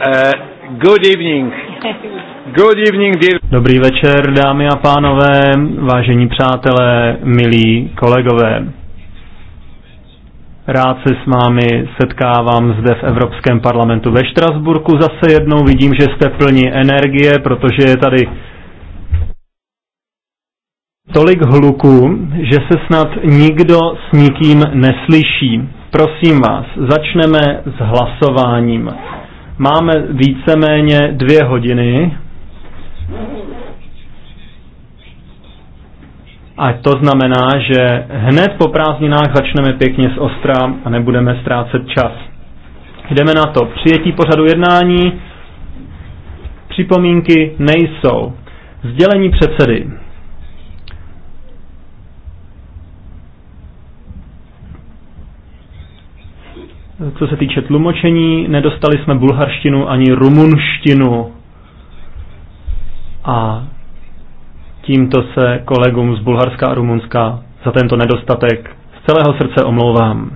Eh, good evening. Good evening, dear. Dobrý večer, dámy a pánové, vážení přátelé, milí kolegové. Rád se s vámi setkávám zde v Evropském parlamentu ve Štrasburku. Zase jednou vidím, že jste plní energie, protože je tady tolik hluku, že se snad nikdo s nikým neslyší. Prosím vás, začneme s hlasováním. Máme víceméně dvě hodiny. A to znamená, že hned po prázdninách začneme pěkně z ostra a nebudeme ztrácet čas. Jdeme na to. Přijetí pořadu jednání. Připomínky nejsou. Sdělení předsedy. Co se týče tlumočení, nedostali jsme bulharštinu ani rumunštinu. A tímto se kolegům z Bulharska a Rumunska za tento nedostatek z celého srdce omlouvám.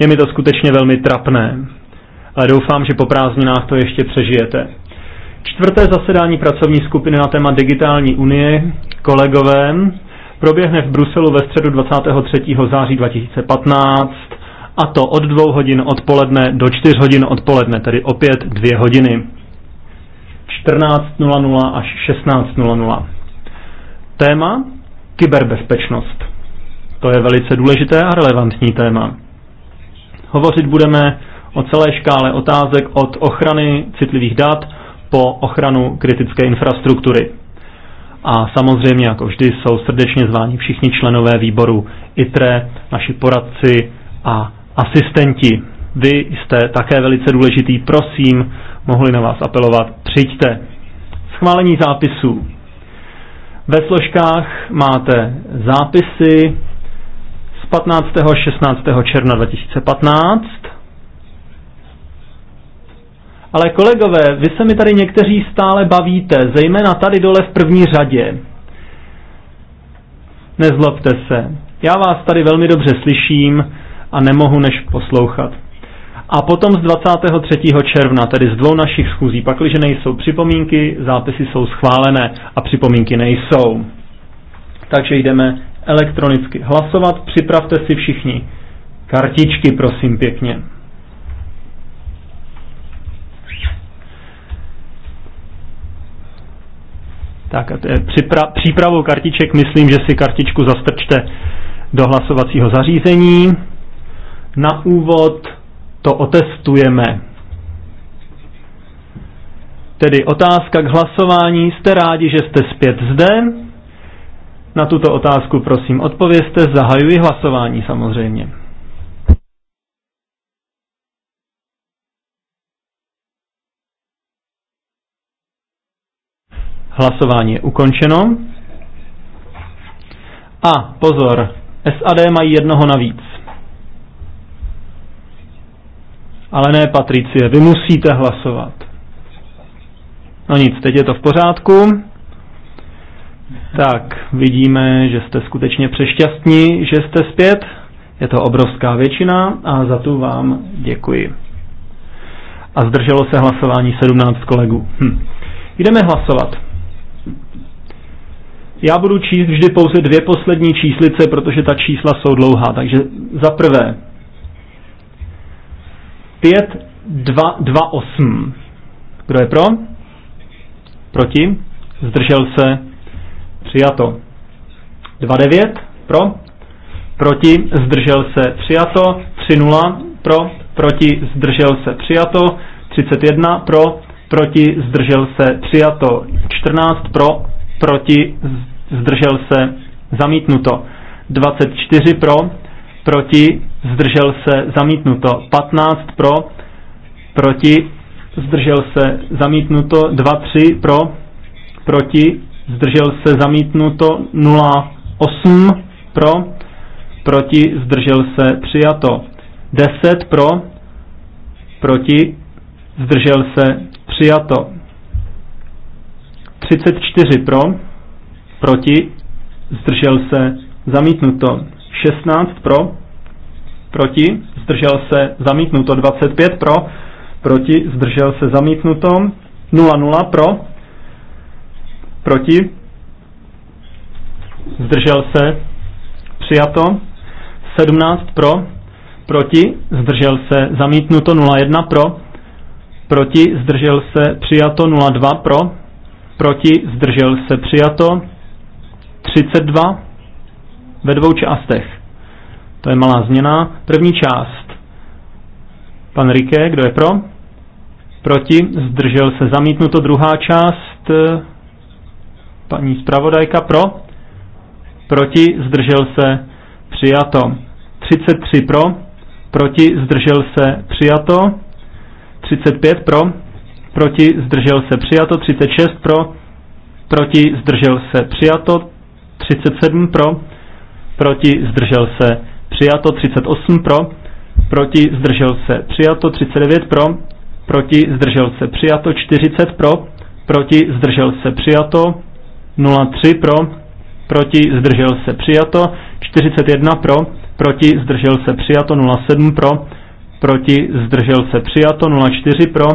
Je mi to skutečně velmi trapné, ale doufám, že po prázdninách to ještě přežijete. Čtvrté zasedání pracovní skupiny na téma digitální unie, kolegové, proběhne v Bruselu ve středu 23. září 2015 a to od dvou hodin odpoledne do čtyř hodin odpoledne, tedy opět dvě hodiny. 14.00 až 16.00. Téma kyberbezpečnost. To je velice důležité a relevantní téma. Hovořit budeme o celé škále otázek od ochrany citlivých dat po ochranu kritické infrastruktury. A samozřejmě, jako vždy, jsou srdečně zváni všichni členové výboru ITRE, naši poradci a asistenti. Vy jste také velice důležitý, prosím, mohli na vás apelovat, přijďte. Schválení zápisů. Ve složkách máte zápisy z 15. a 16. června 2015, ale kolegové, vy se mi tady někteří stále bavíte, zejména tady dole v první řadě. Nezlobte se. Já vás tady velmi dobře slyším a nemohu než poslouchat. A potom z 23. června, tedy z dvou našich schůzí, pakliže nejsou připomínky, zápisy jsou schválené a připomínky nejsou. Takže jdeme elektronicky hlasovat. Připravte si všichni kartičky, prosím pěkně. Tak připra- přípravou kartiček myslím, že si kartičku zastrčte do hlasovacího zařízení. Na úvod to otestujeme. Tedy otázka k hlasování. Jste rádi, že jste zpět zde? Na tuto otázku prosím odpovězte. Zahajuji hlasování samozřejmě. Hlasování je ukončeno. A pozor, SAD mají jednoho navíc. Ale ne, Patricie, vy musíte hlasovat. No nic, teď je to v pořádku. Tak, vidíme, že jste skutečně přešťastní, že jste zpět. Je to obrovská většina a za tu vám děkuji. A zdrželo se hlasování 17 kolegů. Hm. Jdeme hlasovat. Já budu číst vždy pouze dvě poslední číslice, protože ta čísla jsou dlouhá. Takže za prvé 5, 2, 2, 8. Kdo je pro? Proti? Zdržel se? Přijato. 2, 9. Pro? Proti? Zdržel se? Přijato. 3, 0. Pro? Proti? Zdržel se? Přijato. 31. Pro? Proti? Zdržel se? Přijato. 14. Pro? Proti? Zdržel zdržel se, zamítnuto. 24 pro, proti, zdržel se, zamítnuto. 15 pro, proti, zdržel se, zamítnuto. 23 pro, proti, zdržel se, zamítnuto. 08 pro, proti, zdržel se, přijato. 10 pro, proti, zdržel se, přijato. 34 pro, proti, zdržel se, zamítnuto 16 pro, proti, zdržel se, zamítnuto 25 pro, proti, zdržel se, zamítnuto 00 pro, proti, zdržel se, přijato 17 pro, proti, zdržel se, zamítnuto 01 pro, proti, zdržel se, přijato 02 pro, proti, zdržel se, přijato 32 ve dvou částech. To je malá změna. První část. Pan Rike, kdo je pro? Proti, zdržel se zamítnuto. Druhá část, paní zpravodajka, pro? Proti, zdržel se přijato. 33 pro, proti, zdržel se přijato. 35 pro, proti, zdržel se přijato. 36 pro, proti, zdržel se přijato. 37 pro, proti zdržel se přijato 38 pro, proti zdržel se přijato 39 pro, proti zdržel se přijato 40 pro, proti zdržel se přijato 03 pro, proti zdržel se přijato 41 pro, proti zdržel se přijato 07 pro, proti, zdržel se přijato, 04 pro,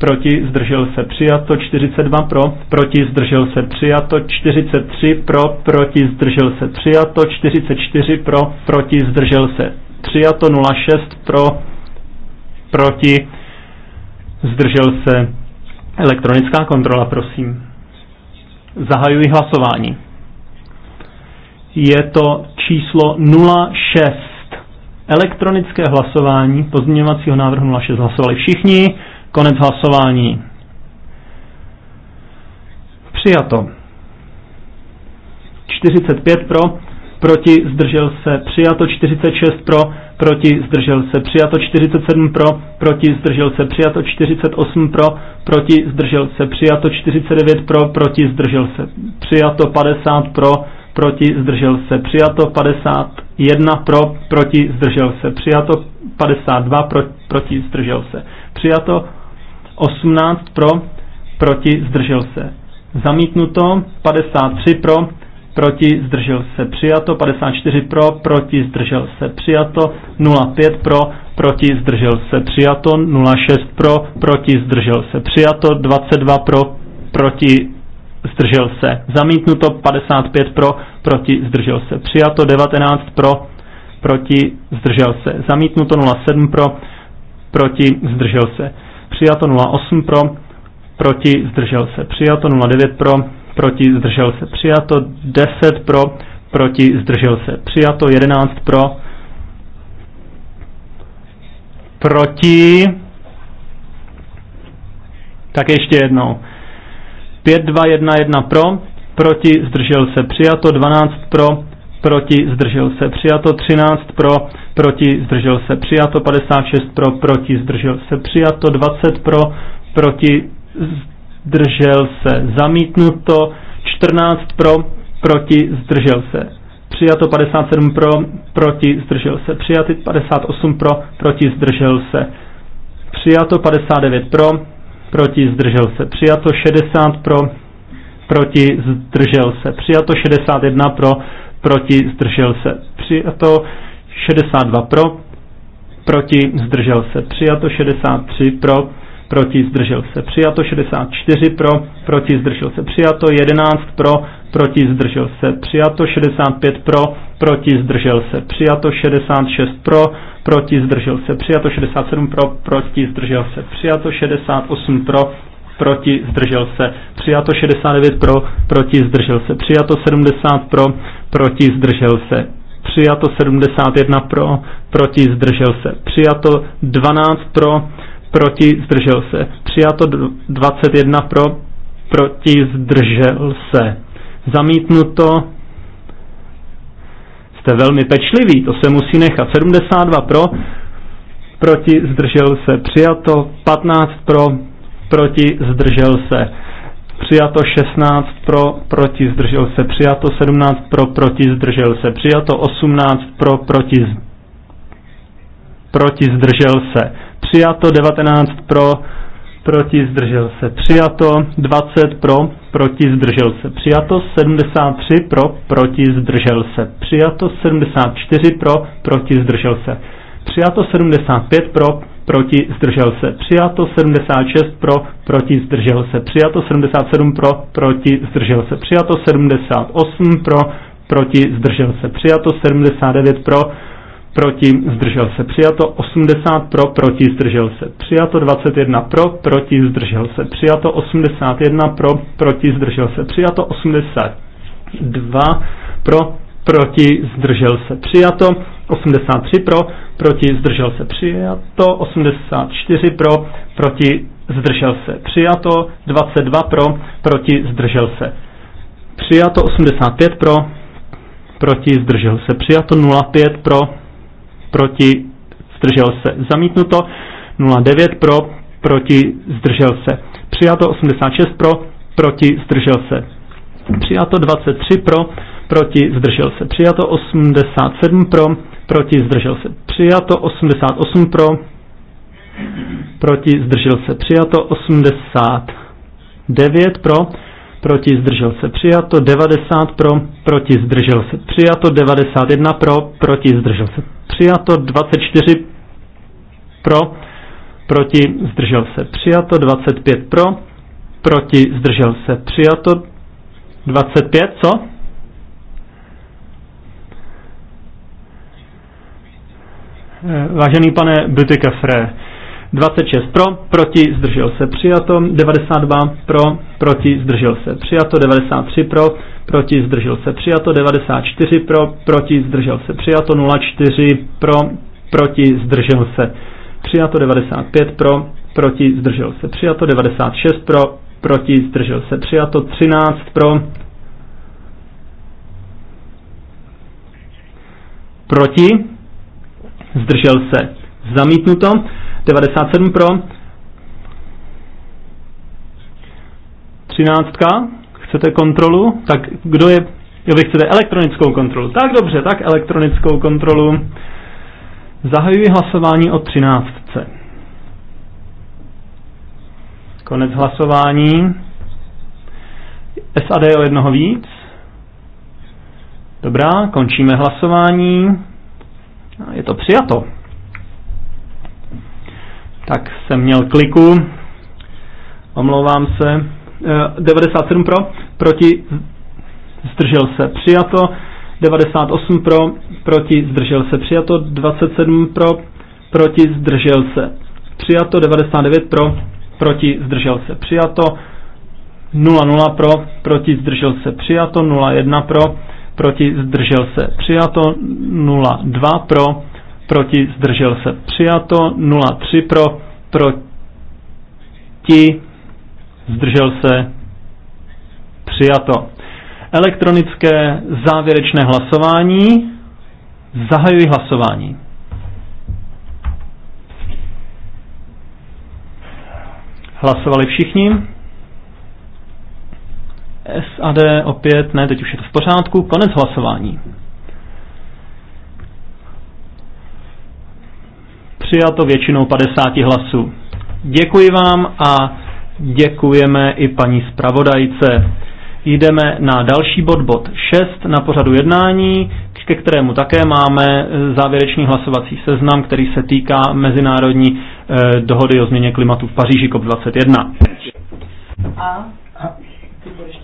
proti, zdržel se přijato, 42 pro, proti, zdržel se přijato, 43 pro, proti, zdržel se přijato, 44 pro, proti, zdržel se přijato, 06 pro, proti, zdržel se elektronická kontrola, prosím. Zahajuji hlasování. Je to číslo 06. Elektronické hlasování pozměňovacího návrhu 06 hlasovali všichni. Konec hlasování. Přijato. 45 pro, proti zdržel se přijato 46 pro, proti zdržel se přijato 47 pro, proti zdržel se přijato 48 pro, proti zdržel se přijato 49 pro, proti zdržel se přijato 50 pro, proti zdržel se přijato 50 1 pro, proti, zdržel se. Přijato 52 pro, proti, zdržel se. Přijato 18 pro, proti, zdržel se. Zamítnuto 53 pro, proti, zdržel se. Přijato 54 pro, proti, zdržel se. Přijato 05 pro, proti, zdržel se. Přijato 06 pro, proti, zdržel se. Přijato 22 pro, proti, zdržel se. Zamítnuto 55 pro, proti, zdržel se. Přijato 19 pro, proti, zdržel se. Zamítnuto 07 pro, proti, zdržel se. Přijato 08 pro, proti, zdržel se. Přijato 09 pro, proti, zdržel se. Přijato 10 pro, proti, zdržel se. Přijato 11 pro, proti, tak ještě jednou. 5211 pro, proti zdržel se přijato, 12 pro, proti zdržel se přijato, 13 pro, proti zdržel se přijato, 56 pro, proti zdržel se přijato, 20 pro, proti zdržel se zamítnuto, 14 pro, proti zdržel se přijato, 57 pro, proti zdržel se přijato, 58 pro, proti zdržel se přijato, 59 pro, proti zdržel se přijato 60 pro, proti zdržel se přijato 61 pro, proti zdržel se přijato 62 pro, proti zdržel se přijato 63 pro, proti zdržel se přijato 64 pro, proti zdržel se přijato 11 pro, proti zdržel se přijato 65 pro, proti, zdržel se, přijato 66 pro, proti, zdržel se, přijato 67 pro, proti, zdržel se, přijato 68 pro, proti, zdržel se, přijato 69 pro, proti, zdržel se, přijato 70 pro, proti, zdržel se, přijato 71 pro, proti, zdržel se, přijato 12 pro, proti, zdržel se, přijato 21 pro, proti, zdržel se, zamítnuto Jste velmi pečlivý. to se musí nechat. 72 pro, proti, zdržel se, přijato. 15 pro, proti, zdržel se. Přijato 16 pro, proti, zdržel se. Přijato 17 pro, proti, zdržel se. Přijato 18 pro, proti, proti zdržel se. Přijato 19 pro, proti zdržel se přijato, 20 pro, proti zdržel se přijato, 73 pro, proti zdržel se přijato, 74 pro, proti zdržel se přijato, 75 pro, proti zdržel se přijato, 76 pro, proti zdržel se přijato, 77 pro, proti zdržel se přijato, 78 pro, proti zdržel se přijato, 79 pro, proti, zdržel se přijato, 80 pro, proti, zdržel se přijato, 21 pro, proti, zdržel se přijato, 81 pro, proti, zdržel se přijato, 82 pro, proti, zdržel se přijato, 83 pro, proti, zdržel se přijato, 84 pro, proti, zdržel se přijato, 22 pro, proti, zdržel se přijato, 85 pro, proti, zdržel se přijato, 05 pro, proti, zdržel se. Zamítnuto 09 pro, proti, zdržel se. Přijato 86 pro, proti, zdržel se. Přijato 23 pro, proti, zdržel se. Přijato 87 pro, proti, zdržel se. Přijato 88 pro, proti, zdržel se. Přijato 89 pro, proti zdržel se přijato, 90 pro, proti zdržel se přijato, 91 pro, proti zdržel se přijato, 24 pro, proti zdržel se přijato, 25 pro, proti zdržel se přijato, 25 co? Eh, vážený pane Butikafre, 26 pro, proti, zdržel se, přijato. 92 pro, proti, zdržel se, přijato. 93 pro, proti, zdržel se, přijato. 94 pro, proti, zdržel se, přijato. 04 pro, proti, zdržel se, přijato. 95 pro, proti, zdržel se, přijato. 96 pro, proti, zdržel se, přijato. 13 pro, proti, zdržel se, zamítnuto. 97 pro. 13. Chcete kontrolu? Tak kdo je... Jo, vy chcete elektronickou kontrolu. Tak dobře, tak elektronickou kontrolu. Zahajuji hlasování o 13. Konec hlasování. SAD o jednoho víc. Dobrá, končíme hlasování. Je to přijato. Tak jsem měl kliku. Omlouvám se. 97 eh, pro, proti, zdržel se, přijato. 98 pro, proti, zdržel se, přijato. 27 pro, proti, zdržel se, přijato. 99 pro, proti, zdržel se, přijato. 0,0 pro, proti, zdržel se, přijato. 0,1 pro, proti, zdržel se, přijato. 0,2 pro, proti, zdržel se přijato, 0,3 pro, proti, zdržel se přijato. Elektronické závěrečné hlasování. Zahajuji hlasování. Hlasovali všichni. SAD opět, ne, teď už je to v pořádku. Konec hlasování. Přijato většinou 50 hlasů. Děkuji vám a děkujeme i paní zpravodajce. Jdeme na další bod, bod 6 na pořadu jednání, ke kterému také máme eh, závěrečný hlasovací seznam, který se týká mezinárodní eh, dohody o změně klimatu v Paříži COP21. A, a ty budeš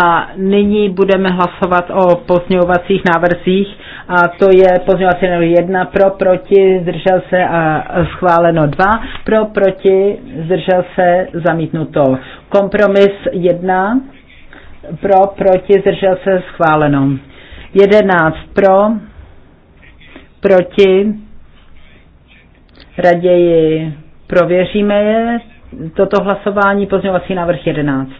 a nyní budeme hlasovat o pozměňovacích návrzích a to je pozměňovací návrh 1 pro, proti, zdržel se a schváleno 2, pro, proti, zdržel se, zamítnuto. Kompromis 1, pro, proti, zdržel se, schváleno. 11 pro, proti, raději prověříme je, toto hlasování, pozměňovací návrh 11.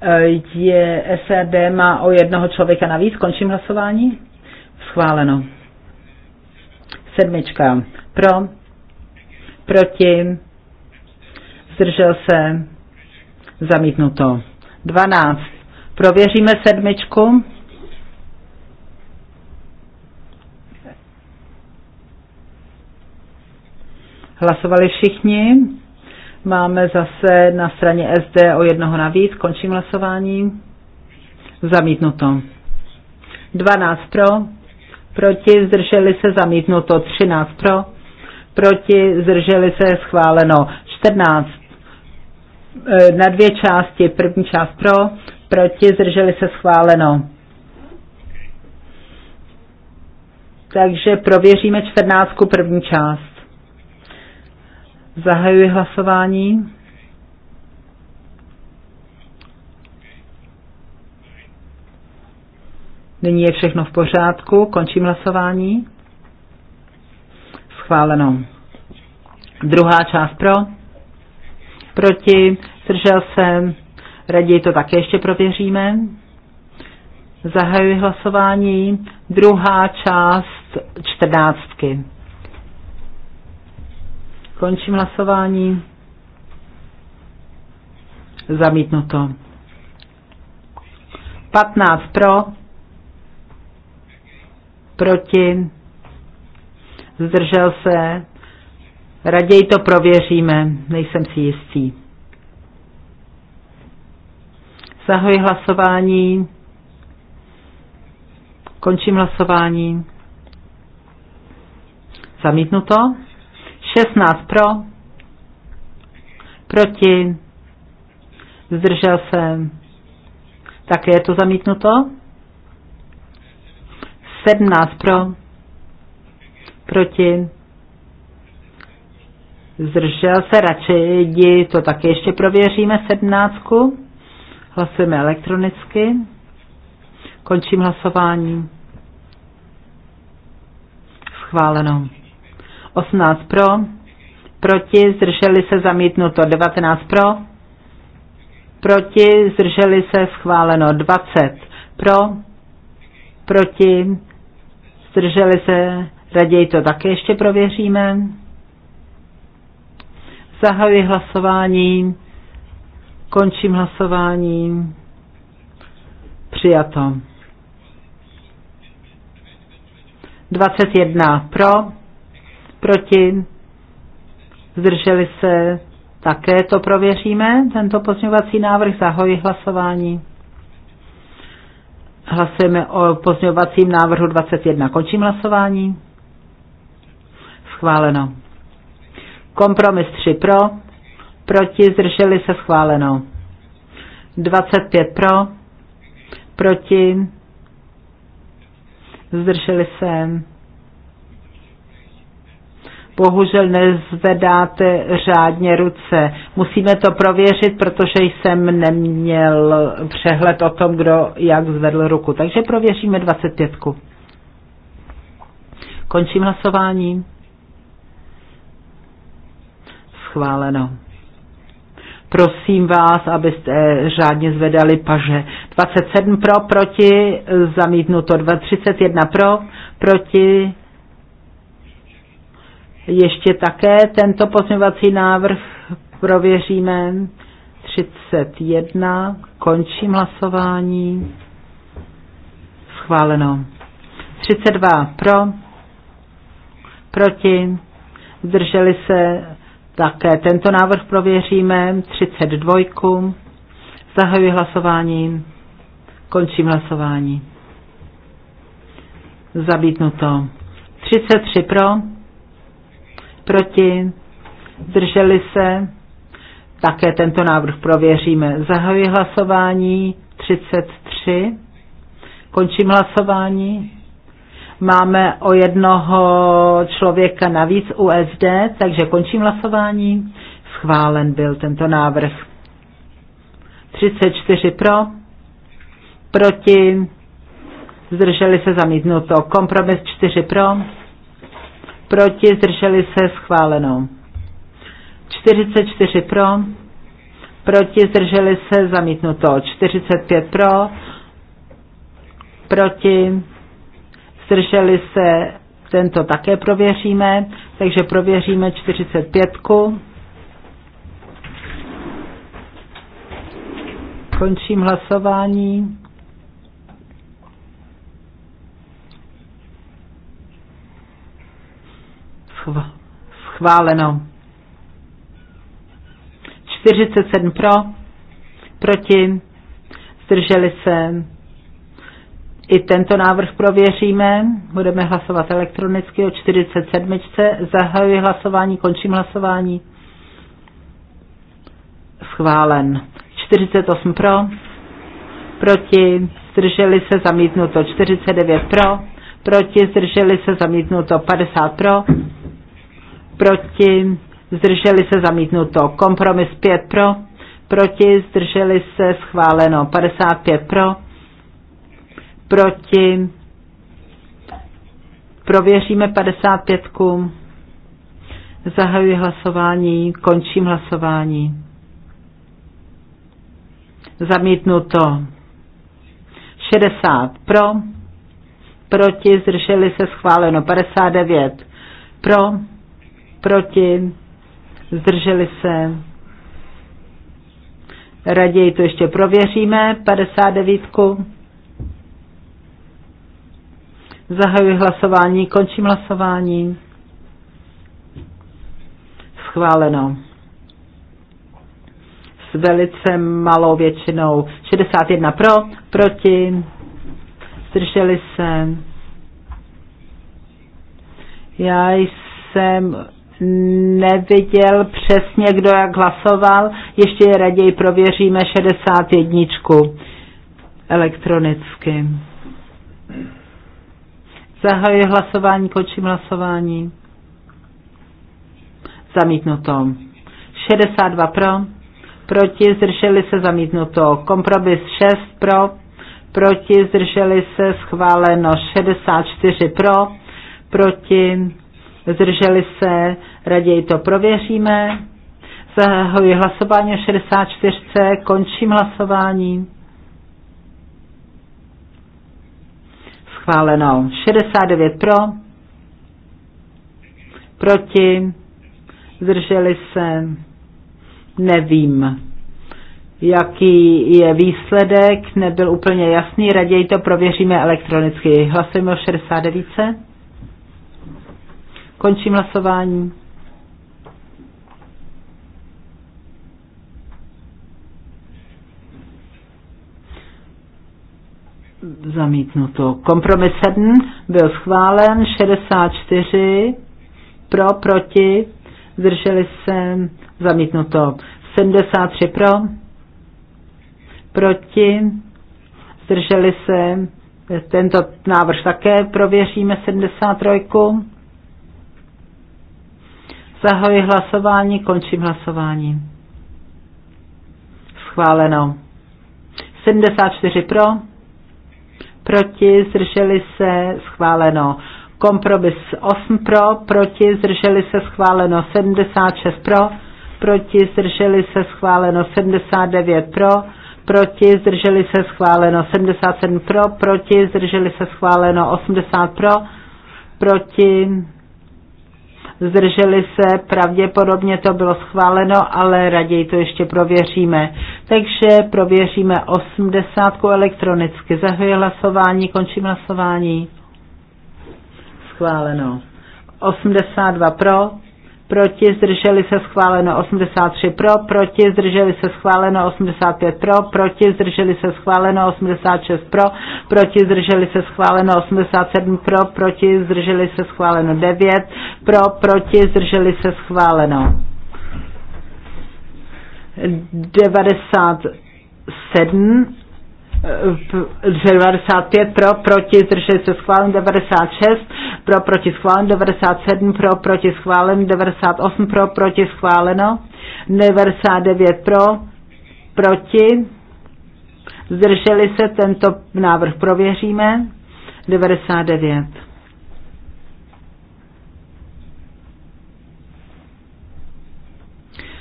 Eh, je SRD má o jednoho člověka navíc. Končím hlasování. Schváleno. Sedmička. Pro. Proti. Zdržel se. Zamítnuto. Dvanáct. Prověříme sedmičku. Hlasovali všichni. Máme zase na straně SD o jednoho navíc. Končím hlasování. Zamítnuto. 12 pro, proti, zdrželi se, zamítnuto. 13 pro, proti, zdrželi se, schváleno. 14 eh, na dvě části. První část pro, proti, zdrželi se, schváleno. Takže prověříme čtrnáctku první část. Zahajuji hlasování. Nyní je všechno v pořádku, končím hlasování. Schváleno. Druhá část pro, proti, zdržel se, raději to také ještě prověříme. Zahajuji hlasování. Druhá část čtrnáctky. Končím hlasování. Zamítnuto. 15 pro, proti, zdržel se, raději to prověříme, nejsem si jistý. Zahoji hlasování, končím hlasování. Zamítnuto. 16 pro, proti, zdržel se, také je to zamítnuto. 17 pro, proti, zdržel se, radši jdi, to taky ještě prověříme, 17. Hlasujeme elektronicky. Končím hlasování. Schváleno. 18 pro, proti, zdrželi se zamítnuto 19 pro, proti, zdrželi se schváleno 20 pro, proti, zdrželi se, raději to také ještě prověříme. Zahajuji hlasování, končím hlasování, přijato. 21 pro, proti, zdrželi se, také to prověříme, tento pozměňovací návrh, zahoji hlasování. Hlasujeme o pozměňovacím návrhu 21. Končím hlasování. Schváleno. Kompromis 3 pro, proti, zdrželi se, schváleno. 25 pro, proti, zdrželi se, bohužel nezvedáte řádně ruce. Musíme to prověřit, protože jsem neměl přehled o tom, kdo jak zvedl ruku. Takže prověříme 25. Končím hlasování. Schváleno. Prosím vás, abyste řádně zvedali paže. 27 pro, proti, zamítnuto 231 pro, proti, ještě také tento pozměňovací návrh prověříme. 31. Končím hlasování. Schváleno. 32. Pro. Proti. Zdrželi se také tento návrh prověříme. 32. Zahajuji hlasování. Končím hlasování. Zabítnuto. 33 pro proti, zdrželi se, také tento návrh prověříme. Zahajuji hlasování 33. Končím hlasování. Máme o jednoho člověka navíc USD, takže končím hlasování. Schválen byl tento návrh. 34 pro, proti, zdrželi se zamítnuto. Kompromis 4 pro, proti, zdrželi se, schváleno. 44 pro, proti, zdrželi se, zamítnuto. 45 pro, proti, zdrželi se, tento také prověříme, takže prověříme 45. -ku. Končím hlasování. schváleno. 47 pro, proti, zdrželi se. I tento návrh prověříme. Budeme hlasovat elektronicky o 47. Zahajuji hlasování, končím hlasování. Schválen. 48 pro, proti, zdrželi se, zamítnuto. 49 pro, proti, zdrželi se, zamítnuto. 50 pro, proti, zdrželi se zamítnuto. Kompromis 5 pro, proti, zdrželi se schváleno. 55 pro, proti, prověříme 55. -ku. Zahajuji hlasování, končím hlasování. Zamítnuto. 60 pro, proti, zdrželi se schváleno. 59 pro, proti, zdrželi se. Raději to ještě prověříme, 59. Zahajuji hlasování, končím hlasování. Schváleno. S velice malou většinou. 61 pro, proti, zdrželi se. Já jsem neviděl přesně, kdo jak hlasoval. Ještě raději prověříme 61 elektronicky. Zahajuji hlasování, končím hlasování. Zamítnuto. 62 pro, proti, zdrželi se zamítnuto. Kompromis 6 pro, proti, zdrželi se schváleno. 64 pro, proti, zdrželi se Raději to prověříme. Zahajuji hlasování o 64. Končím hlasování. Schváleno. 69 pro. Proti. Zdrželi se. Nevím jaký je výsledek, nebyl úplně jasný, raději to prověříme elektronicky. Hlasujeme o 69. Končím hlasování. zamítnuto. Kompromis 7 byl schválen, 64 pro, proti, zdrželi se, zamítnuto. 73 pro, proti, zdrželi se, tento návrh také prověříme, 73. Zahoji hlasování, končím hlasování. Schváleno. 74 pro, proti, zdrželi se, schváleno. Kompromis 8 pro, proti, zdrželi se, schváleno. 76 pro, proti, zdrželi se, schváleno. 79 pro, proti, zdrželi se, schváleno. 77 pro, proti, zdrželi se, schváleno. 80 pro, proti, zdrželi se, pravděpodobně to bylo schváleno, ale raději to ještě prověříme. Takže prověříme 80 elektronicky. Zahajuji hlasování, končím hlasování. Schváleno. 82 pro, proti zdrželi se schváleno 83 pro, proti zdrželi se schváleno 85 pro, proti zdrželi se schváleno 86 pro, proti zdrželi se schváleno 87 pro, proti zdrželi se schváleno 9 pro, proti zdrželi se schváleno 97 95 eh, eh, pro, proti, zdrželi se schválen 96, pro, proti schválen 97, pro, proti schválen 98, pro, proti schváleno 99 pro, proti, zdrželi se, tento návrh prověříme, 99.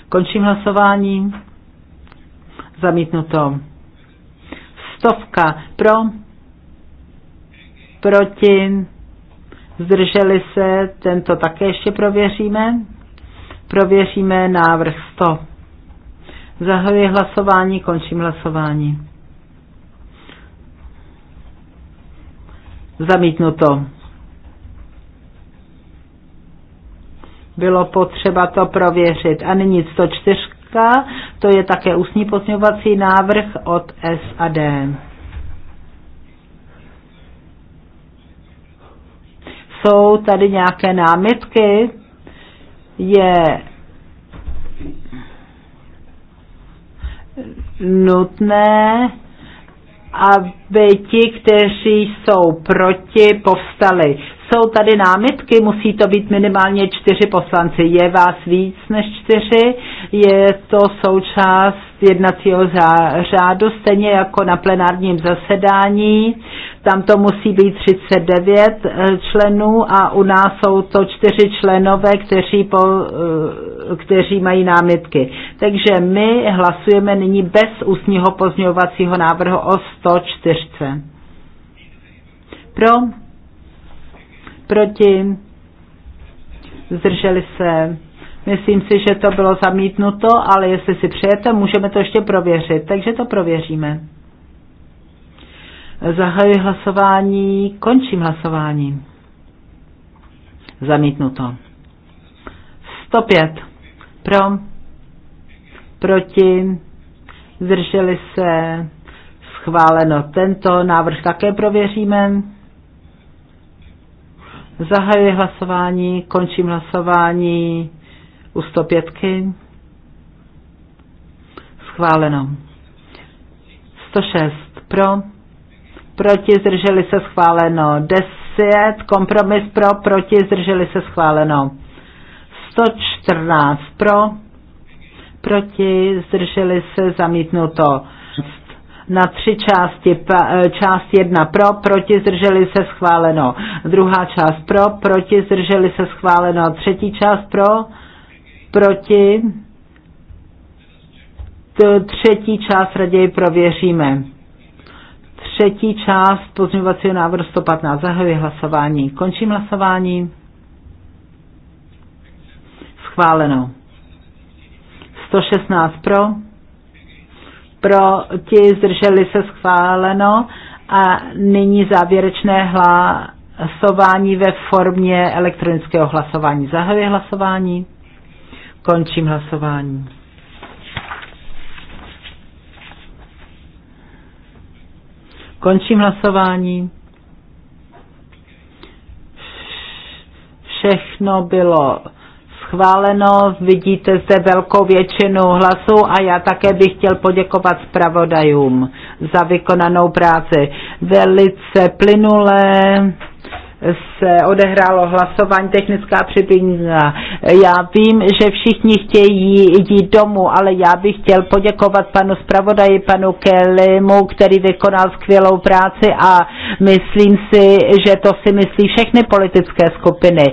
Končím hlasování. Zamítnuto stovka pro, proti, zdrželi se, tento také ještě prověříme. Prověříme návrh 100. Zahajuji hlasování, končím hlasování. Zamítnuto. Bylo potřeba to prověřit. A nyní 104 Německa. To je také ústní pozměňovací návrh od SAD. Jsou tady nějaké námitky? Je nutné, aby ti, kteří jsou proti, povstali jsou tady námitky, musí to být minimálně čtyři poslanci. Je vás víc než čtyři, je to součást jednacího řádu, stejně jako na plenárním zasedání. Tam to musí být 39 eh, členů a u nás jsou to čtyři členové, kteří, po, eh, kteří mají námitky. Takže my hlasujeme nyní bez ústního pozměňovacího návrhu o 104. Pro proti, zdrželi se. Myslím si, že to bylo zamítnuto, ale jestli si přejete, můžeme to ještě prověřit. Takže to prověříme. Zahajuji hlasování, končím hlasování. Zamítnuto. 105. Pro. Proti. Zdrželi se. Schváleno. Tento návrh také prověříme. Zahajuji hlasování, končím hlasování u 105. Schváleno. 106 pro, proti zdrželi se schváleno. 10 kompromis pro, proti zdrželi se schváleno. 114 pro, proti zdrželi se zamítnuto na tři části. Eh, část jedna pro, proti zdrželi se schváleno. Druhá část pro, proti zdrželi se schváleno. Třetí část pro, proti. Třetí část raději prověříme. Třetí část pozměňovacího návrhu 115. Zahajuji hlasování. Končím hlasování. Schváleno. 116 pro proti, zdrželi se schváleno a nyní závěrečné hlasování ve formě elektronického hlasování. Zahajuji hlasování, končím hlasování. Končím hlasování. Všechno bylo schváleno, vidíte zde velkou většinu hlasů a já také bych chtěl poděkovat zpravodajům za vykonanou práci. Velice plynulé se odehrálo hlasování technická připomínka. Já vím, že všichni chtějí jít domů, ale já bych chtěl poděkovat panu zpravodaji, panu Kellymu, který vykonal skvělou práci a myslím si, že to si myslí všechny politické skupiny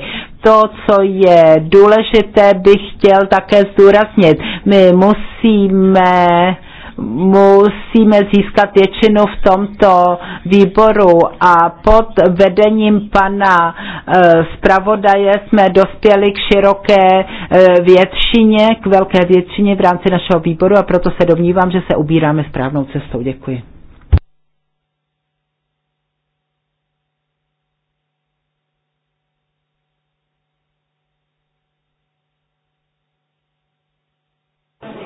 to, co je důležité, bych chtěl také zdůraznit. My musíme musíme získat většinu v tomto výboru a pod vedením pana eh, zpravodaje jsme dospěli k široké eh, většině, k velké většině v rámci našeho výboru a proto se domnívám, že se ubíráme správnou cestou. Děkuji.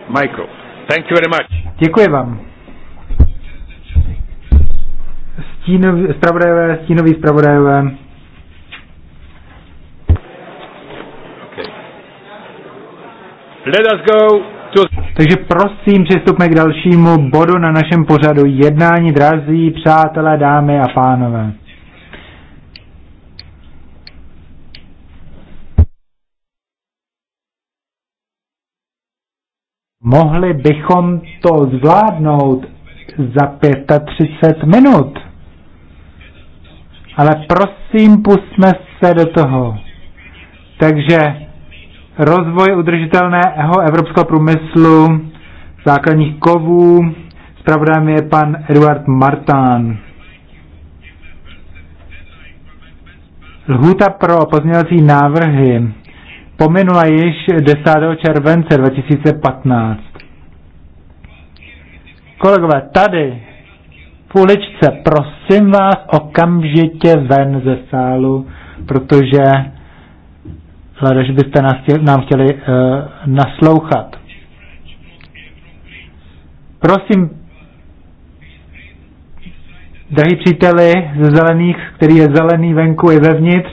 Michael. Thank you very much. Děkuji vám. spravodajové, stínový spravodajové. Let us go to... Takže prosím, přistupme k dalšímu bodu na našem pořadu jednání, drazí přátelé, dámy a pánové. Mohli bychom to zvládnout za 35 minut. Ale prosím, pusme se do toho. Takže rozvoj udržitelného evropského průmyslu, základních kovů, zpravodajem je pan Eduard Martán. Lhůta pro pozměňovací návrhy pominula již 10. července 2015. Kolegové, tady v uličce, prosím vás okamžitě ven ze sálu, protože že byste nás, nám chtěli uh, naslouchat. Prosím, drahí příteli ze zelených, který je zelený venku i vevnitř,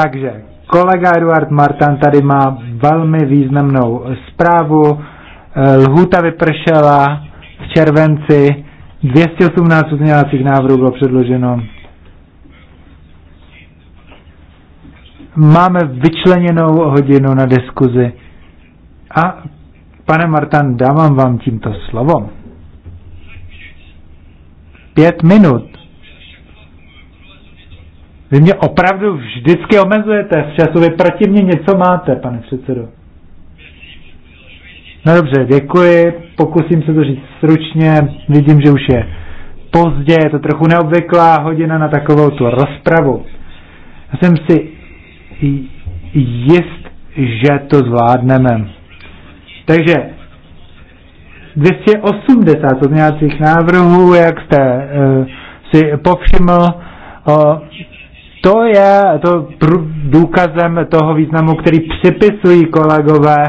Takže kolega Eduard Martan tady má velmi významnou zprávu. Eh, Lhuta vypršela v červenci, 218 pozměňovacích návrhů bylo předloženo. Máme vyčleněnou hodinu na diskuzi. A pane Martan, dávám vám tímto slovo. Pět minut. Vy mě opravdu vždycky omezujete v času, vy proti mně něco máte, pane předsedo. No dobře, děkuji, pokusím se to říct stručně, vidím, že už je pozdě, je to trochu neobvyklá hodina na takovou tu rozpravu. Já jsem si jist, že to zvládneme. Takže 280 pozměňovacích návrhů, jak jste uh, si povšiml, uh, to je to důkazem toho významu, který připisují kolegové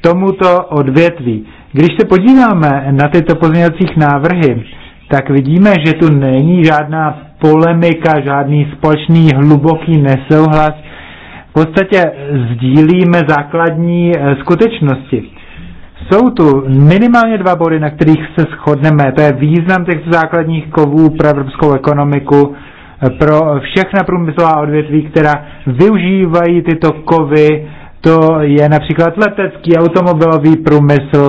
tomuto odvětví. Když se podíváme na tyto pozměňovacích návrhy, tak vidíme, že tu není žádná polemika, žádný společný hluboký nesouhlas. V podstatě sdílíme základní eh, skutečnosti. Jsou tu minimálně dva body, na kterých se shodneme. To je význam těch základních kovů pro evropskou ekonomiku pro všechna průmyslová odvětví, která využívají tyto kovy. To je například letecký, automobilový průmysl,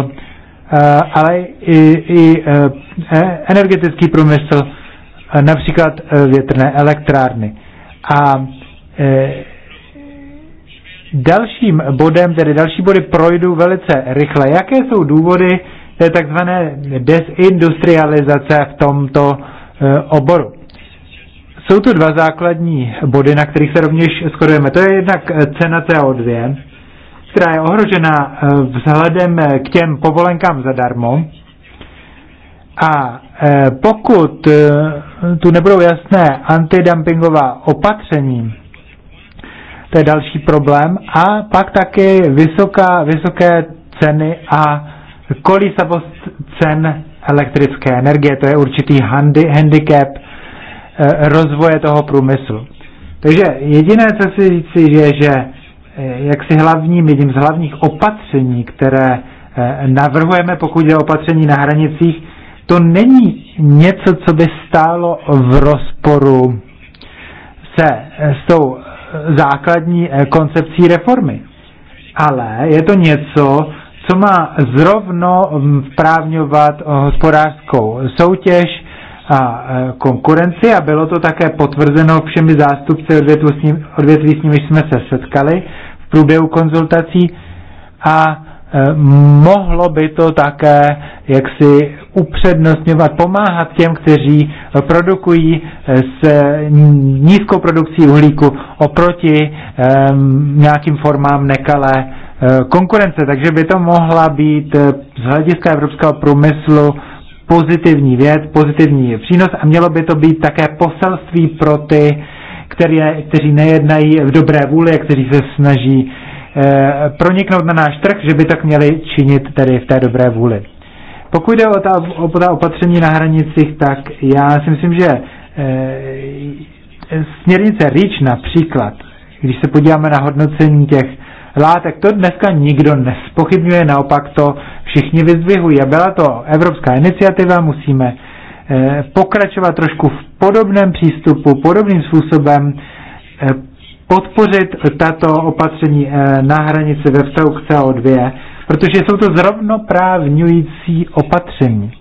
eh, ale i, i eh, energetický průmysl, eh, například větrné elektrárny. A dalším bodem, tedy další body projdu velice rychle. Jaké jsou důvody té takzvané desindustrializace v tomto oboru? Jsou tu dva základní body, na kterých se rovněž shodujeme. To je jednak eh, cena CO2, která je ohrožena eh, vzhledem eh, k těm povolenkám zadarmo. A pokud tu nebudou jasné antidumpingová opatření, to je další problém, a pak taky vysoká, vysoké ceny a kolísavost cen elektrické energie, to je určitý handi, handicap Eh, rozvoje toho průmyslu. Takže jediné, co si říci, je, že eh, jak si hlavním, jedním z hlavních opatření, které eh, navrhujeme, pokud je opatření na hranicích, to není něco, co by stálo v rozporu se s tou základní koncepcí reformy. Ale je to něco, co má zrovno vprávňovat hospodářskou soutěž, a e, konkurenci a bylo to také potvrzeno všemi zástupci odvětví, s nimi jsme se setkali v průběhu konzultací a e, mohlo by to také jak si upřednostňovat, pomáhat těm, kteří produkují e, s nízkou produkcí uhlíku oproti nějakým formám nekalé konkurence. Takže by to mohla být z hlediska evropského průmyslu pozitivní věc, pozitivní přínos a mělo by to být také poselství pro ty, které, kteří nejednají v dobré vůli a kteří se snaží e, proniknout na náš trh, že by tak měli činit tedy v té dobré vůli. Pokud jde o ta, o ta opatření na hranicích, tak já si myslím, že e, směrnice REACH například, když se podíváme na hodnocení těch látek. To dneska nikdo nespochybňuje, naopak to všichni vyzdvihují. A byla to evropská iniciativa, musíme eh, pokračovat trošku v podobném přístupu, podobným způsobem eh, podpořit tato opatření eh, na hranici ve vztahu k CO2, protože jsou to zrovnoprávňující opatření.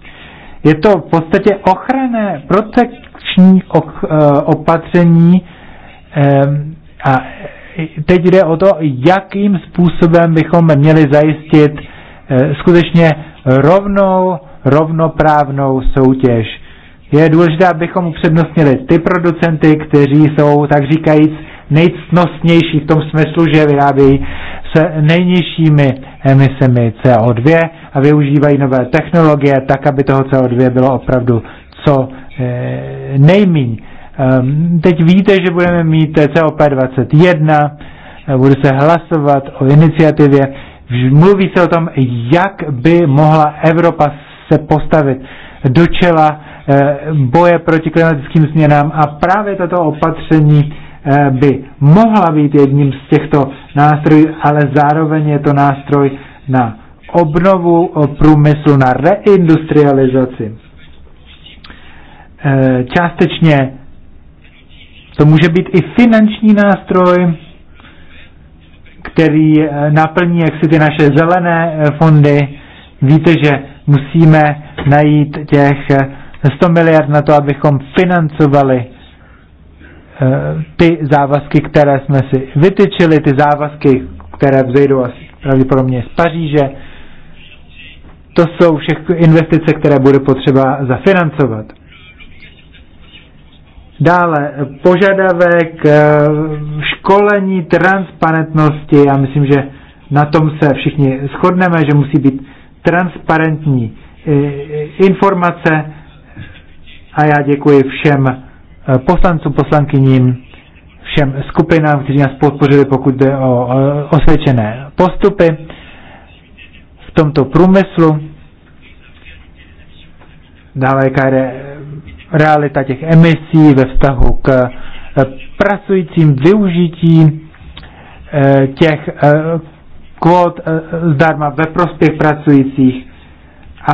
Je to v podstatě ochranné, protekční opatření a teď jde o to, jakým způsobem bychom měli zajistit eh, skutečně rovnou, rovnoprávnou soutěž. Je důležité, abychom upřednostnili ty producenty, kteří jsou, tak říkajíc, nejcnostnější v tom smyslu, že vyrábějí s nejnižšími emisemi CO2 a využívají nové technologie tak, aby toho CO2 bylo opravdu co eh, nejméně. Ehm, teď víte, že budeme mít COP21, eh, bude se hlasovat o iniciativě. Mluví se o tom, jak by mohla Evropa se postavit do čela eh, boje proti klimatickým změnám a právě toto opatření eh, by mohla být jedním z těchto nástrojů, ale zároveň je to nástroj na obnovu průmyslu, na reindustrializaci. Částečně to může být i finanční nástroj, který eh, naplní jaksi ty naše zelené eh, fondy. Víte, že musíme najít těch 100 eh, miliard na to, abychom financovali ty závazky, které jsme si vytyčili, ty závazky, které vzejdou asi pravděpodobně z Paříže. To jsou všechny investice, které bude potřeba zafinancovat. Dále požadavek eh, školení transparentnosti. Já myslím, že na tom se všichni shodneme, že musí být transparentní eh, eh, informace. A já děkuji všem poslancům, poslankyním, všem skupinám, kteří nás podpořili, pokud jde o osvědčené postupy v tomto průmyslu. Dále KRE realita těch emisí ve vztahu k eh, pracujícím využití eh, těch eh, kvót zdarma ve prospěch pracujících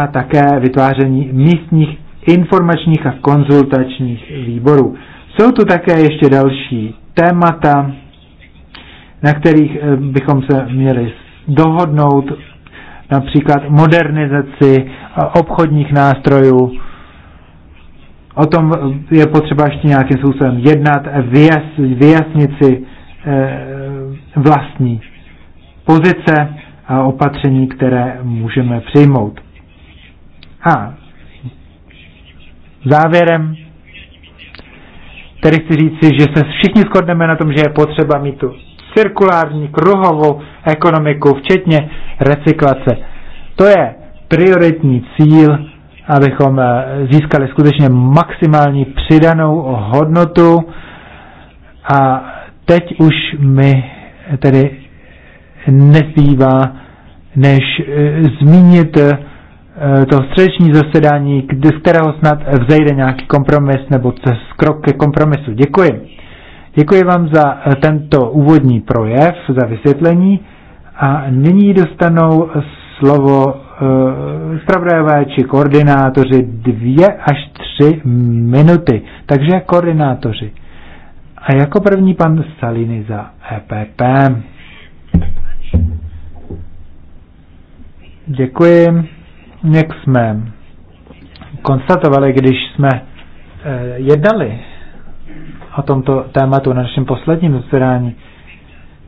a také vytváření místních informačních a konzultačních výborů. Jsou tu také ještě další témata, na kterých bychom se měli dohodnout, například modernizaci obchodních nástrojů, O tom je potřeba ještě nějakým způsobem jednat, vyjas, vyjasnit si eh, vlastní pozice a opatření, které můžeme přijmout. A závěrem tedy chci říci, že se všichni shodneme na tom, že je potřeba mít tu cirkulární, kruhovou ekonomiku, včetně recyklace. To je prioritní cíl abychom eh, získali skutečně maximální přidanou hodnotu a teď už mi tedy nezbývá, než eh, zmínit eh, to středeční zasedání, z kterého snad vzejde nějaký kompromis nebo krok ke kompromisu. Děkuji. Děkuji vám za tento úvodní projev, za vysvětlení a nyní dostanou slovo Eh, zpravodajové či koordinátoři dvě až tři minuty. Takže koordinátoři. A jako první pan Saliny za EPP. Děkuji. Jak jsme konstatovali, když jsme eh, jednali o tomto tématu na našem posledním zasedání,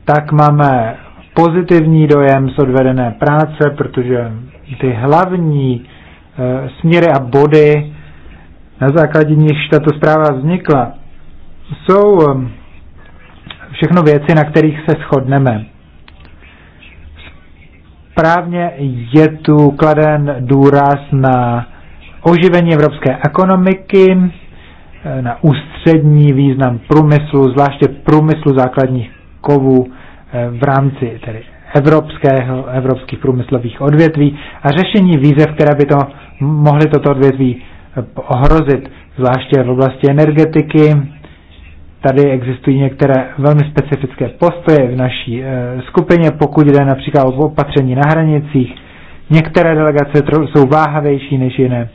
tak máme pozitivní dojem z odvedené práce, protože ty hlavní e, směry a body, na základě nichž tato zpráva vznikla, jsou e, všechno věci, na kterých se shodneme. Právně je tu kladen důraz na oživení evropské ekonomiky, eh, na ústřední význam průmyslu, zvláště průmyslu základních kovů eh, v rámci tedy evropského, evropských průmyslových odvětví a řešení výzev, které by to mohly toto odvětví eh, ohrozit, zvláště v oblasti energetiky. Tady existují některé velmi specifické postoje v naší e, skupině, pokud jde například o opatření na hranicích. Některé delegace jsou váhavější než jiné.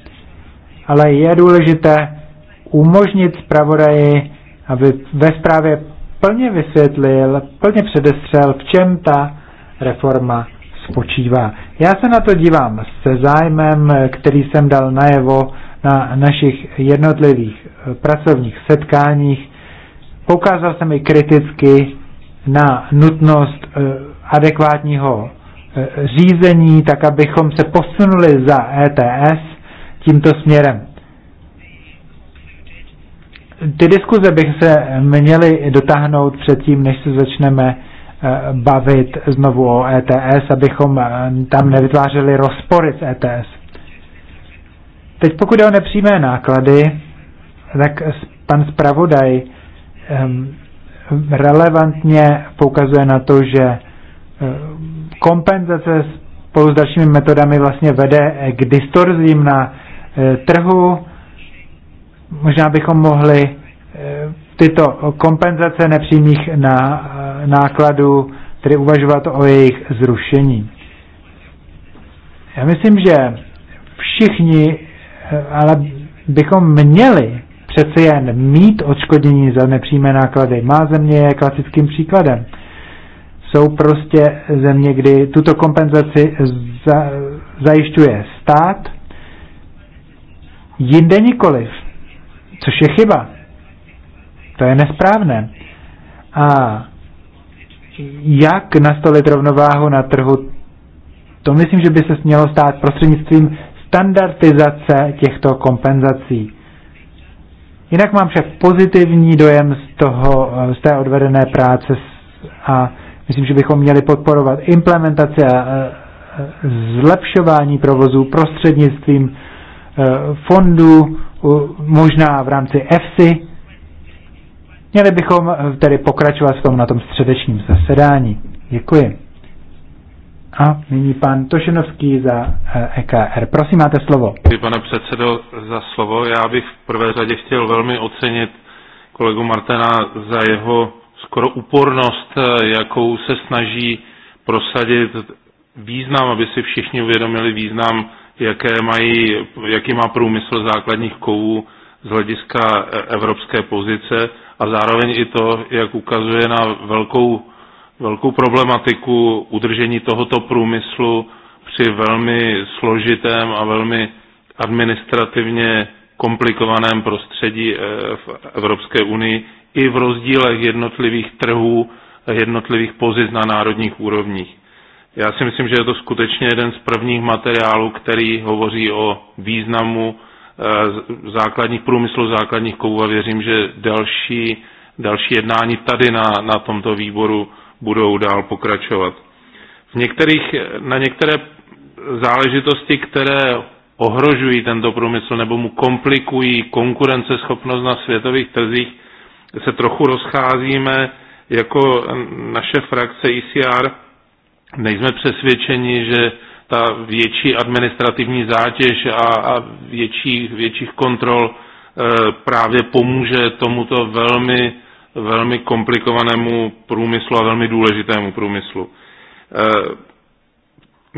Ale je důležité umožnit zpravodaji, aby ve zprávě plně vysvětlil, plně předestřel, v čem ta reforma spočívá. Já se na to dívám se zájmem, který jsem dal najevo na našich jednotlivých eh, pracovních setkáních. Poukázal jsem i kriticky na nutnost eh, adekvátního eh, řízení, tak abychom se posunuli za ETS tímto směrem. Ty diskuze bych se měly dotáhnout předtím, než se začneme Eh, bavit znovu o ETS, abychom eh, tam nevytvářeli rozpory s ETS. Teď pokud jde o nepřímé náklady, tak pan zpravodaj ehm, relevantně poukazuje na to, že eh, kompenzace spolu s dalšími metodami vlastně vede k distorzím na trhu. Možná bychom mohli tyto kompenzace nepřímých na nákladů, tedy uvažovat o jejich zrušení. Já myslím, že všichni, eh, ale bychom měli přece jen mít odškodnění za nepřímé náklady. Má země je klasickým příkladem. Jsou prostě země, kdy tuto kompenzaci za, zajišťuje stát, jinde nikoliv, což je chyba. To je nesprávné. A jak nastolit rovnováhu na trhu, to myslím, že by se mělo stát prostřednictvím standardizace těchto kompenzací. Jinak mám však pozitivní dojem z, toho, z té odvedené práce a myslím, že bychom měli podporovat implementaci a zlepšování provozu prostřednictvím e, fondů, možná v rámci EFSI, Měli bychom eh, tedy pokračovat v tom na tom středečním zasedání. Děkuji. A nyní pan Tošenovský za EKR. Eh, e Prosím, máte slovo. Děkuji, pane předsedo, za slovo. Já bych v prvé řadě chtěl velmi ocenit kolegu Martena za jeho skoro úpornost, eh, jakou se snaží prosadit význam, aby si všichni uvědomili význam, jaké mají, jaký má průmysl základních kovů z hlediska evropské pozice a zároveň i to, jak ukazuje na velkou, velkou problematiku udržení tohoto průmyslu při velmi složitém a velmi administrativně komplikovaném prostředí eh, v Evropské unii i v rozdílech jednotlivých trhů, jednotlivých pozic na národních úrovních. Já si myslím, že je to skutečně jeden z prvních materiálů, který hovoří o významu Eh, základních průmyslů, základních kovů a věřím, že další, další jednání tady na, na tomto výboru budou dál pokračovat. V některých, na některé záležitosti, které ohrožují tento průmysl nebo mu komplikují konkurenceschopnost na světových trzích, se trochu rozcházíme jako naše frakce ICR. E Nejsme přesvědčeni, že ta větší administrativní zátěž a, a větší, větších kontrol e, právě pomůže tomuto velmi, velmi komplikovanému průmyslu a velmi důležitému průmyslu. E,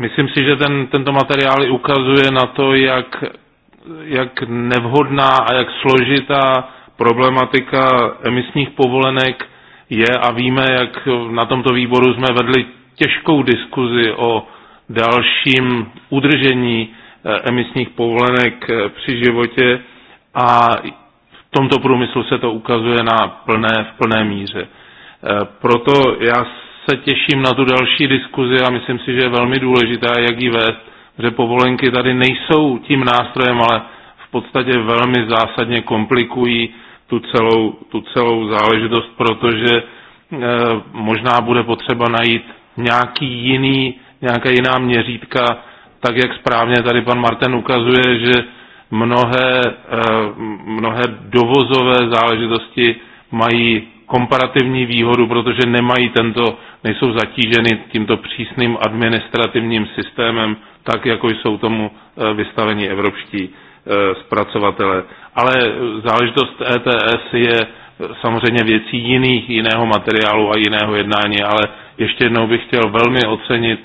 myslím si, že ten, tento materiál ukazuje na to, jak, jak nevhodná a jak složitá problematika emisních povolenek je a víme, jak na tomto výboru jsme vedli těžkou diskuzi o dalším udržení eh, emisních povolenek eh, při životě a v tomto průmyslu se to ukazuje na plné, v plné míře. Eh, proto já se těším na tu další diskuzi a myslím si, že je velmi důležitá, jak ji vést, že povolenky tady nejsou tím nástrojem, ale v podstatě velmi zásadně komplikují tu celou, tu celou záležitost, protože možná bude potřeba najít nějaký jiný nějaké jiná měřítka, tak jak správně tady pan Martin ukazuje, že mnohé, eh, mnohé dovozové záležitosti mají komparativní výhodu, protože nemají tento, nejsou zatíženy tímto přísným administrativním systémem, tak jako jsou tomu eh, vystaveni evropští eh, zpracovatele. Ale záležitost ETS je samozřejmě věcí jiných, jiného materiálu a jiného jednání, ale ještě jednou bych chtěl velmi ocenit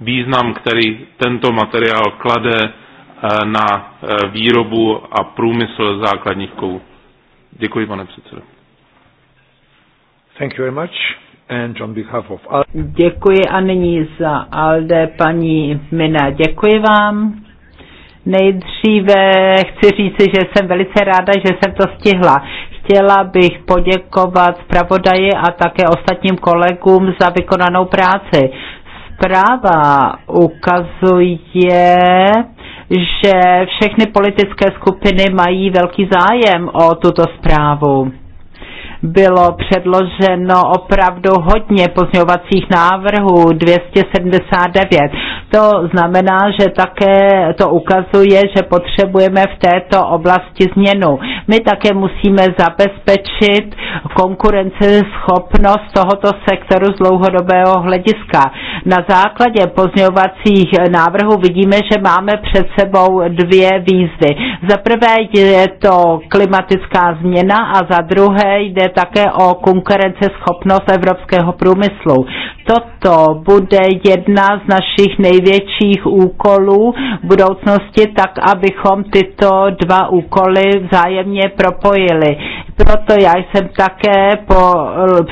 význam, který tento materiál klade eh, na eh, výrobu a průmysl základních kovů. Děkuji, pane předsedo. Thank you very much. And on behalf of ALDE. Děkuji a nyní za ALDE paní Mina. Děkuji vám. Nejdříve chci říci, že jsem velice ráda, že jsem to stihla. Chtěla bych poděkovat zpravodaji a také ostatním kolegům za vykonanou práci zpráva ukazuje, že všechny politické skupiny mají velký zájem o tuto zprávu bylo předloženo opravdu hodně pozměňovacích návrhů, 279. To znamená, že také to ukazuje, že potřebujeme v této oblasti změnu. My také musíme zabezpečit konkurenceschopnost tohoto sektoru z dlouhodobého hlediska. Na základě pozměňovacích návrhů vidíme, že máme před sebou dvě výzvy. Za prvé je to klimatická změna a za druhé jde také o konkurenceschopnost evropského průmyslu. Toto bude jedna z našich největších úkolů v budoucnosti, tak abychom tyto dva úkoly vzájemně propojili. Proto já jsem také po,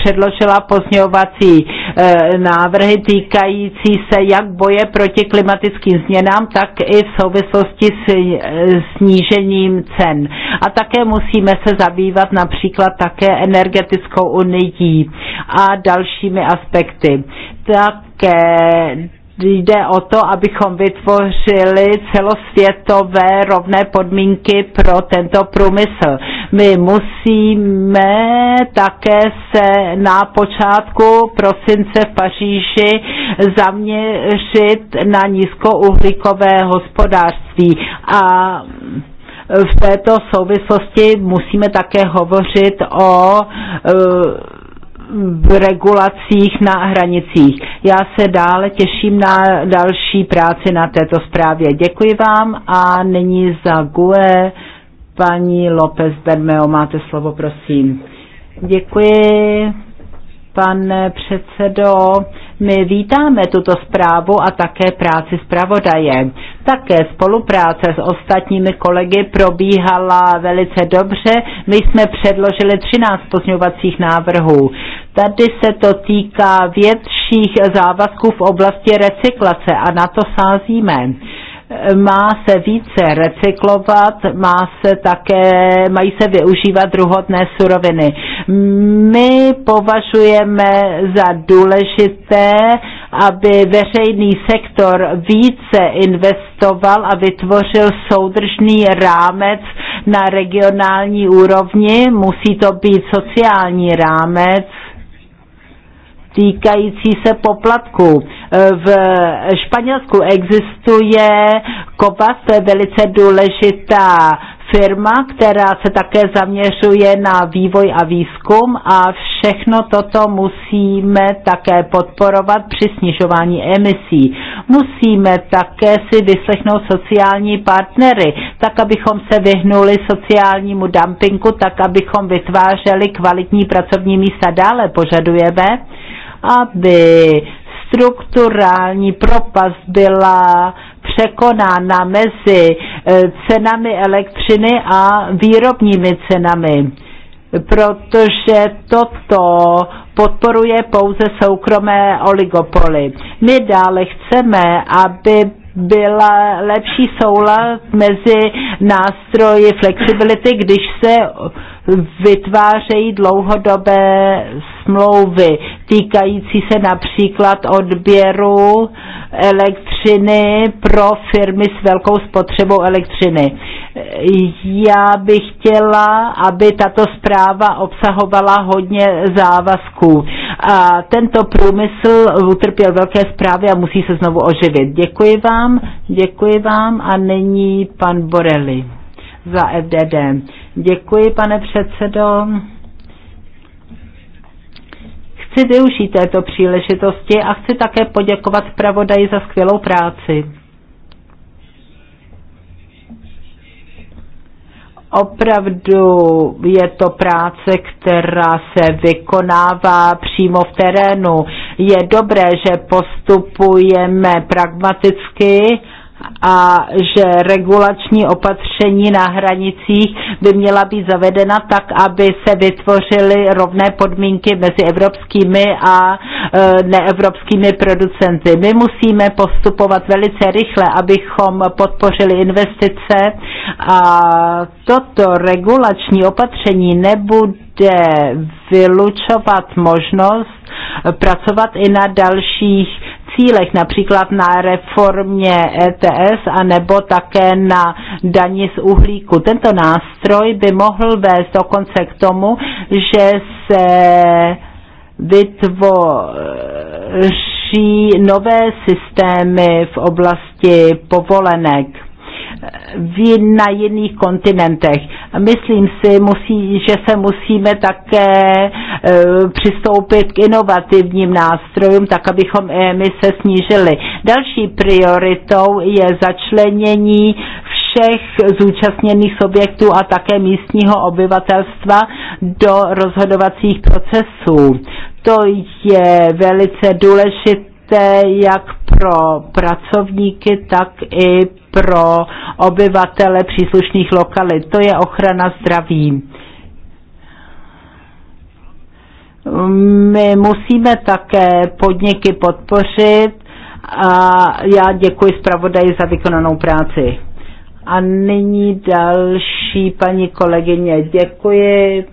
předložila pozměňovací e, návrhy týkající se jak boje proti klimatickým změnám, tak i v souvislosti s eh, snížením cen. A také musíme se zabývat například také energetickou unii a dalšími aspekty. Také jde o to, abychom vytvořili celosvětové rovné podmínky pro tento průmysl. My musíme také se na počátku prosince v Paříži zaměřit na nízkouhlíkové hospodářství a v této souvislosti musíme také hovořit o v eh, regulacích na hranicích. Já se dále těším na další práci na této zprávě. Děkuji vám a nyní za GUE paní López Bermeo. Máte slovo, prosím. Děkuji, pane předsedo. My vítáme tuto zprávu a také práci zpravodaje. Také spolupráce s ostatními kolegy probíhala velice dobře. My jsme předložili 13 pozňovacích návrhů. Tady se to týká větších závazků v oblasti recyklace a na to sázíme má se více recyklovat, má se také, mají se využívat druhotné suroviny. My považujeme za důležité, aby veřejný sektor více investoval a vytvořil soudržný rámec na regionální úrovni. Musí to být sociální rámec, týkající se poplatku. E, v Španělsku existuje COPAS, to je velice důležitá firma, která se také zaměřuje na vývoj a výzkum a všechno toto musíme také podporovat při snižování emisí. Musíme také si vyslechnout sociální partnery, tak abychom se vyhnuli sociálnímu dumpingu, tak abychom vytvářeli kvalitní pracovní místa. Dále požadujeme, aby strukturální propast byla překonána mezi e, cenami elektřiny a výrobními cenami, protože toto podporuje pouze soukromé oligopoly. My dále chceme, aby byla lepší soulad mezi nástroji flexibility, když se vytvářejí dlouhodobé smlouvy týkající se například odběru elektřiny pro firmy s velkou spotřebou elektřiny. Já bych chtěla, aby tato zpráva obsahovala hodně závazků. A tento průmysl utrpěl velké zprávy a musí se znovu oživit. Děkuji vám, děkuji vám a nyní pan Borelli za FDD. Děkuji, pane předsedo chci využít této příležitosti a chci také poděkovat zpravodaji za skvělou práci. Opravdu je to práce, která se vykonává přímo v terénu. Je dobré, že postupujeme pragmaticky a že regulační opatření na hranicích by měla být zavedena tak, aby se vytvořily rovné podmínky mezi evropskými a e, neevropskými producenty. My musíme postupovat velice rychle, abychom podpořili investice a toto regulační opatření nebude vylučovat možnost pracovat i na dalších cílech, například na reformě ETS a nebo také na daní z uhlíku. Tento nástroj by mohl vést dokonce k tomu, že se vytvoří nové systémy v oblasti povolenek v, na jiných kontinentech. Myslím si, musí, že se musíme také e, přistoupit k inovativním nástrojům, tak abychom emise snížili. Další prioritou je začlenění všech zúčastněných subjektů a také místního obyvatelstva do rozhodovacích procesů. To je velice důležité, jak pro pracovníky, tak i pro obyvatele příslušných lokalit. To je ochrana zdraví. My musíme také podniky podpořit a já děkuji zpravodaji za vykonanou práci. A nyní další paní kolegyně. Děkuji,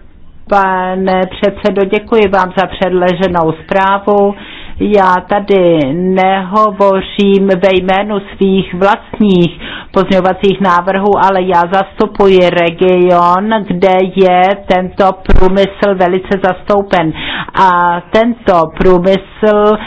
pane předsedo, děkuji vám za předleženou zprávu. Já tady nehovořím ve jménu svých vlastních pozměňovacích návrhů, ale já zastupuji region, kde je tento průmysl velice zastoupen. A tento průmysl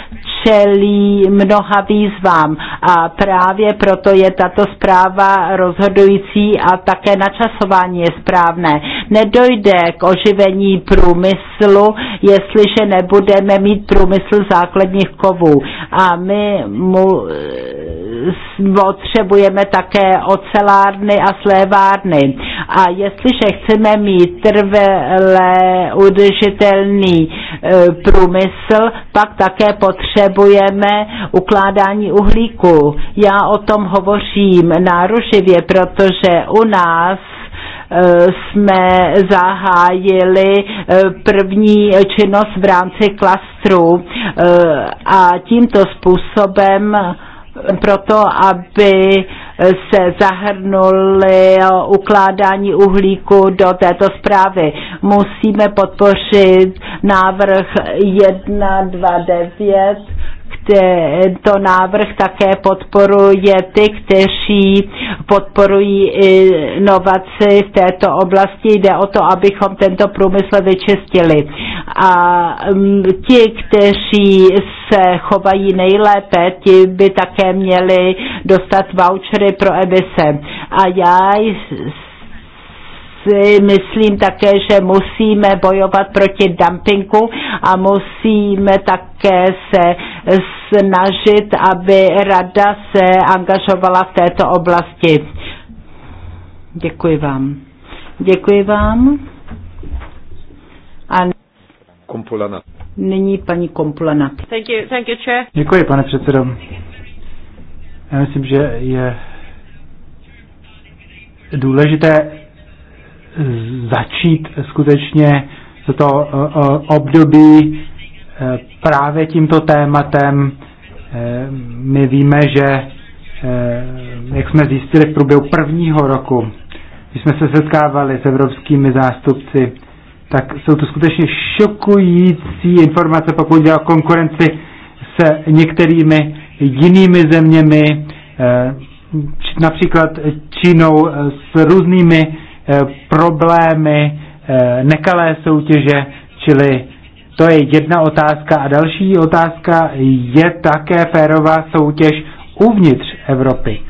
čelí mnoha výzvám a právě proto je tato zpráva rozhodující a také načasování je správné nedojde k oživení průmyslu, jestliže nebudeme mít průmysl základních kovů. A my mu eh, potřebujeme také ocelárny a slévárny. A jestliže chceme mít trvele udržitelný eh, průmysl, pak také potřebujeme ukládání uhlíku. Já o tom hovořím náruživě, protože u nás jsme zahájili eh, první činnost v rámci klastru eh, a tímto způsobem eh, proto, aby se zahrnuli ukládání uhlíku do této zprávy. Musíme podpořit návrh 129 tento návrh také podporuje ty, kteří podporují inovaci v této oblasti. Jde o to, abychom tento průmysl vyčistili. A mm, ti, kteří se chovají nejlépe, ti by také měli dostat vouchery pro emise. A já si myslím také, že musíme bojovat proti dumpingu a musíme také se snažit, aby rada se angažovala v této oblasti. Děkuji vám. Děkuji vám. A Kompulana. Nyní paní Kompulana. Thank you, thank you, chair. Děkuji, pane předsedo. Já myslím, že je důležité začít skutečně toto období Eh, právě tímto tématem. Eh, my víme, že eh, jak jsme zjistili v průběhu prvního roku, když jsme se setkávali s evropskými zástupci, tak jsou to skutečně šokující informace, pokud jde o konkurenci s některými jinými zeměmi, například Čínou s různými problémy nekalé soutěže, čili to je jedna otázka. A další otázka je také férová soutěž uvnitř Evropy.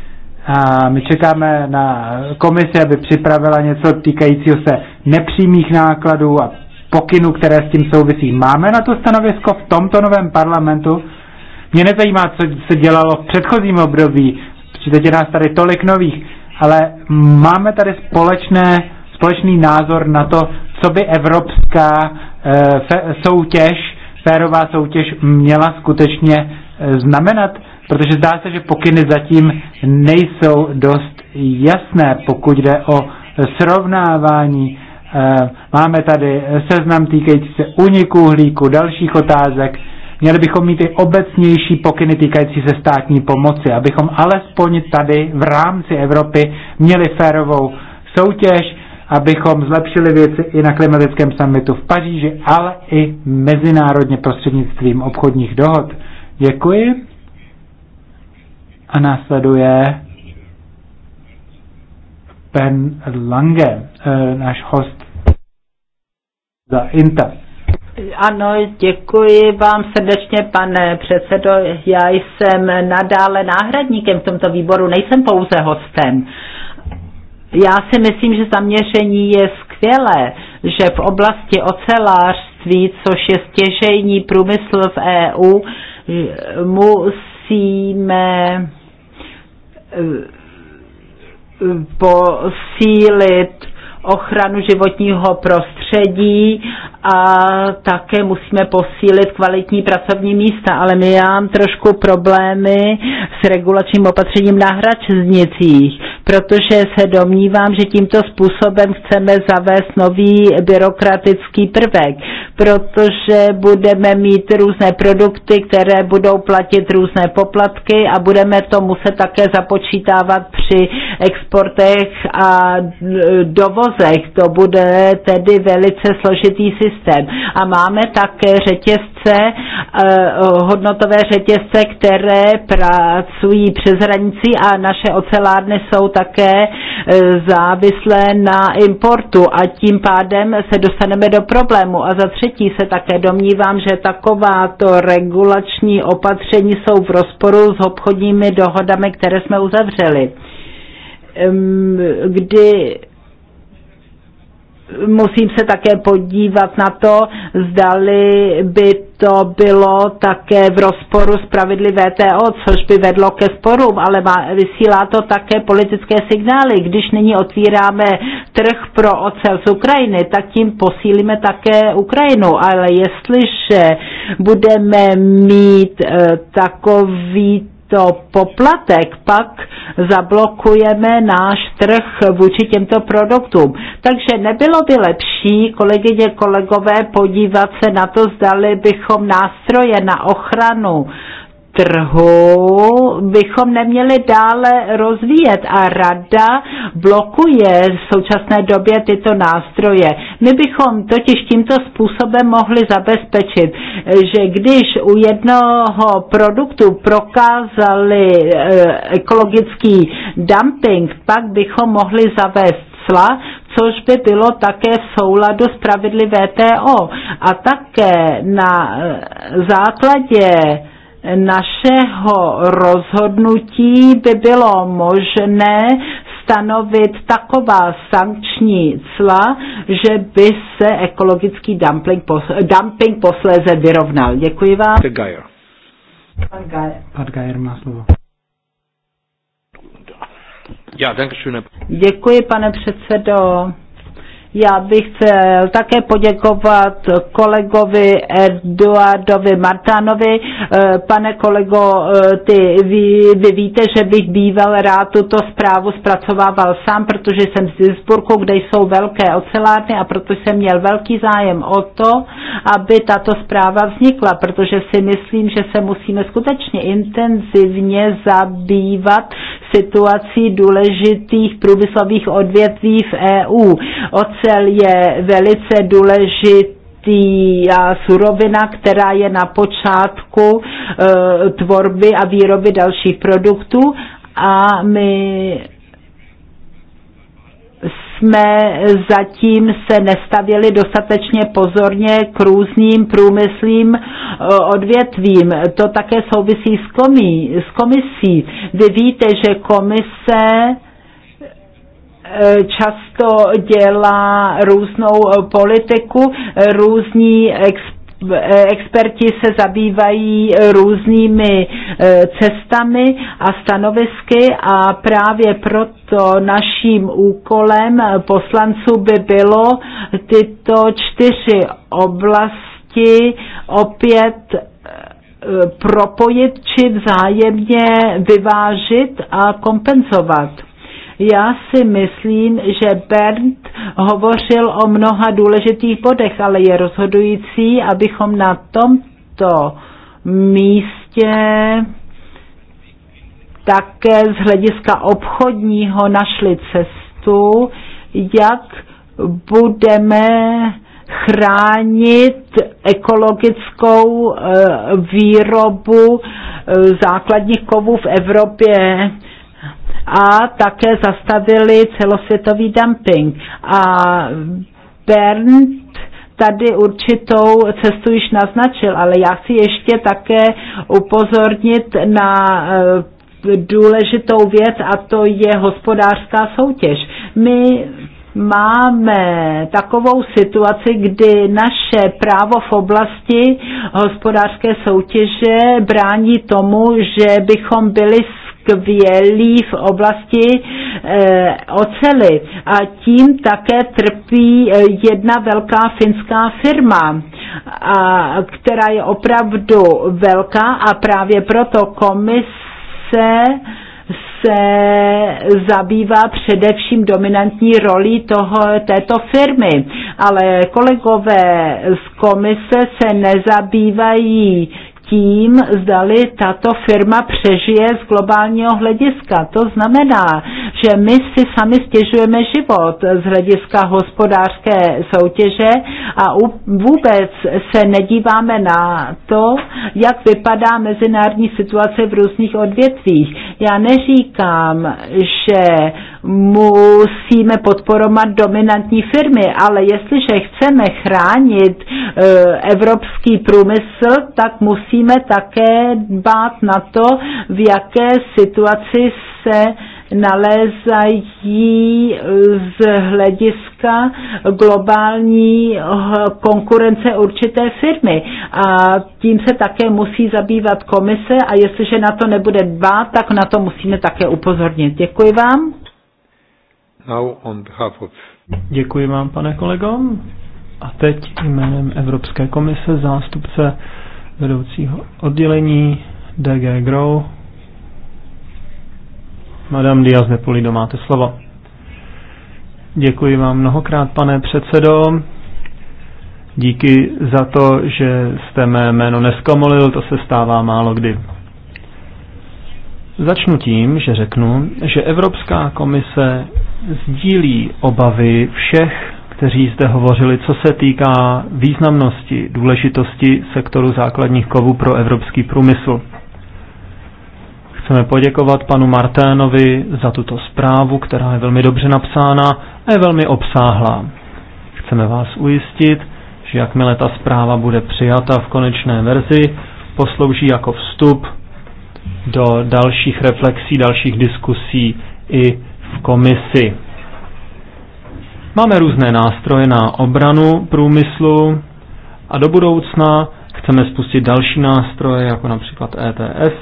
A my čekáme na komisi, aby připravila něco týkajícího se nepřímých nákladů a pokynů, které s tím souvisí. Máme na to stanovisko v tomto novém parlamentu? Mě nezajímá, co se dělalo v předchozím období, teď je nás tady tolik nových, ale máme tady společné, společný názor na to, co by evropská Eh, soutěž, férová soutěž měla skutečně eh, znamenat, protože zdá se, že pokyny zatím nejsou dost jasné, pokud jde o srovnávání. Eh, máme tady seznam týkající se uniku uhlíku, dalších otázek. Měli bychom mít i obecnější pokyny týkající se státní pomoci, abychom alespoň tady v rámci Evropy měli férovou soutěž, abychom zlepšili věci i na klimatickém summitu v Paříži, ale i mezinárodně prostřednictvím obchodních dohod. Děkuji. A následuje Ben Lange, eh, náš host za INTA. Ano, děkuji vám srdečně, pane předsedo. Já jsem nadále náhradníkem v tomto výboru, nejsem pouze hostem. Uh, já si myslím, že zaměření je skvělé, že v oblasti ocelářství, což je stěžejní průmysl v EU, musíme eh, posílit ochranu životního prostředí a také musíme posílit kvalitní pracovní místa, ale my mám trošku problémy s regulačním opatřením na hračnicích, protože se domnívám, že tímto způsobem chceme zavést nový byrokratický prvek, protože budeme mít různé produkty, které budou platit různé poplatky a budeme to muset také započítávat při exportech a dovozech mozek, To bude tedy velice složitý systém. A máme také řetězce, eh, hodnotové řetězce, které pracují přes hranici a naše ocelárny jsou také eh, závislé na importu a tím pádem se dostaneme do problému. A za třetí se také domnívám, že takováto regulační opatření jsou v rozporu s obchodními dohodami, které jsme uzavřeli kdy musím se také podívat na to, zdali by to bylo také v rozporu s pravidly VTO, což by vedlo ke sporům, ale má, vysílá to také politické signály. Když nyní otvíráme trh pro ocel z Ukrajiny, tak tím posílíme také Ukrajinu. Ale jestliže budeme mít e, takový to poplatek pak zablokujeme náš trh vůči těmto produktům. Takže nebylo by lepší, kolegyně, kolegové, podívat se na to, zdali bychom nástroje na ochranu trhu bychom neměli dále rozvíjet a rada blokuje v současné době tyto nástroje. My bychom totiž tímto způsobem mohli zabezpečit, že když u jednoho produktu prokázali eh, ekologický dumping, pak bychom mohli zavést cla, což by bylo také v souladu s pravidly VTO. A také na eh, základě našeho rozhodnutí by bylo možné stanovit taková sankční cla, že by se ekologický dumping, dumping posléze vyrovnal. Děkuji vám. Pan Gajer. Pan Gajer má slovo. Děkuji, pane předsedo. Já bych chtěl také poděkovat kolegovi Eduardovi Martánovi. Eh, pane kolego, eh, ty, vy, vy víte, že bych býval rád tuto zprávu zpracovával sám, protože jsem z Duisburgu, kde jsou velké ocelárny a proto jsem měl velký zájem o to, aby tato zpráva vznikla, protože si myslím, že se musíme skutečně intenzivně zabývat situací důležitých průmyslových odvětví v EU. Ocel je velice důležitý a surovina, která je na počátku e, tvorby a výroby dalších produktů a my jsme zatím se nestavili dostatečně pozorně k různým průmyslím eh, odvětvím. To také souvisí s, komí, s komisí. Vy víte, že komise eh, často dělá různou eh, politiku, různí experti Eh, experti se zabývají eh, různými eh, cestami a stanovisky a právě proto naším úkolem poslanců by bylo tyto čtyři oblasti opět propojit či vzájemně vyvážit a kompenzovat. Já si myslím, že Bernd hovořil o mnoha důležitých bodech, ale je rozhodující, abychom na tomto místě také z hlediska obchodního našli cestu, jak budeme chránit ekologickou eh, výrobu eh, základních kovů v Evropě a také zastavili celosvětový dumping. A Bernd tady určitou cestu již naznačil, ale já chci ještě také upozornit na eh, důležitou věc a to je hospodářská soutěž. My máme takovou situaci, kdy naše právo v oblasti hospodářské soutěže brání tomu, že bychom byli skvělí v oblasti e, ocely a tím také trpí eh, jedna velká finská firma, a, která je opravdu velká a právě proto komise se zabývá především dominantní rolí toho, této firmy. Ale kolegové z komise se nezabývají tím, zdali tato firma přežije z globálního hlediska. To znamená, že my si sami stěžujeme život z hlediska hospodářské soutěže a vůbec se nedíváme na to, jak vypadá mezinárodní situace v různých odvětvích. Já neříkám, že musíme podporovat dominantní firmy, ale jestliže chceme chránit eh, evropský průmysl, tak musí musíme také dbát na to, v jaké situaci se nalézají z hlediska globální konkurence určité firmy. A tím se také musí zabývat komise a jestliže na to nebude dbát, tak na to musíme také upozornit. Děkuji vám. Děkuji vám, pane kolego. A teď jménem Evropské komise zástupce vedoucího oddělení DG Grow. Madame Diaz Nepolido, máte slovo. Děkuji vám mnohokrát, pane předsedo. Díky za to, že jste mé jméno neskomolil, to se stává málo kdy. Začnu tím, že řeknu, že Evropská komise sdílí obavy všech kteří zde hovořili, co se týká významnosti, důležitosti sektoru základních kovů pro evropský průmysl. Chceme poděkovat panu Marténovi za tuto zprávu, která je velmi dobře napsána a je velmi obsáhlá. Chceme vás ujistit, že jakmile ta zpráva bude přijata v konečné verzi, poslouží jako vstup do dalších reflexí, dalších diskusí i v komisi. Máme různé nástroje na obranu průmyslu a do budoucna chceme spustit další nástroje, jako například ETS,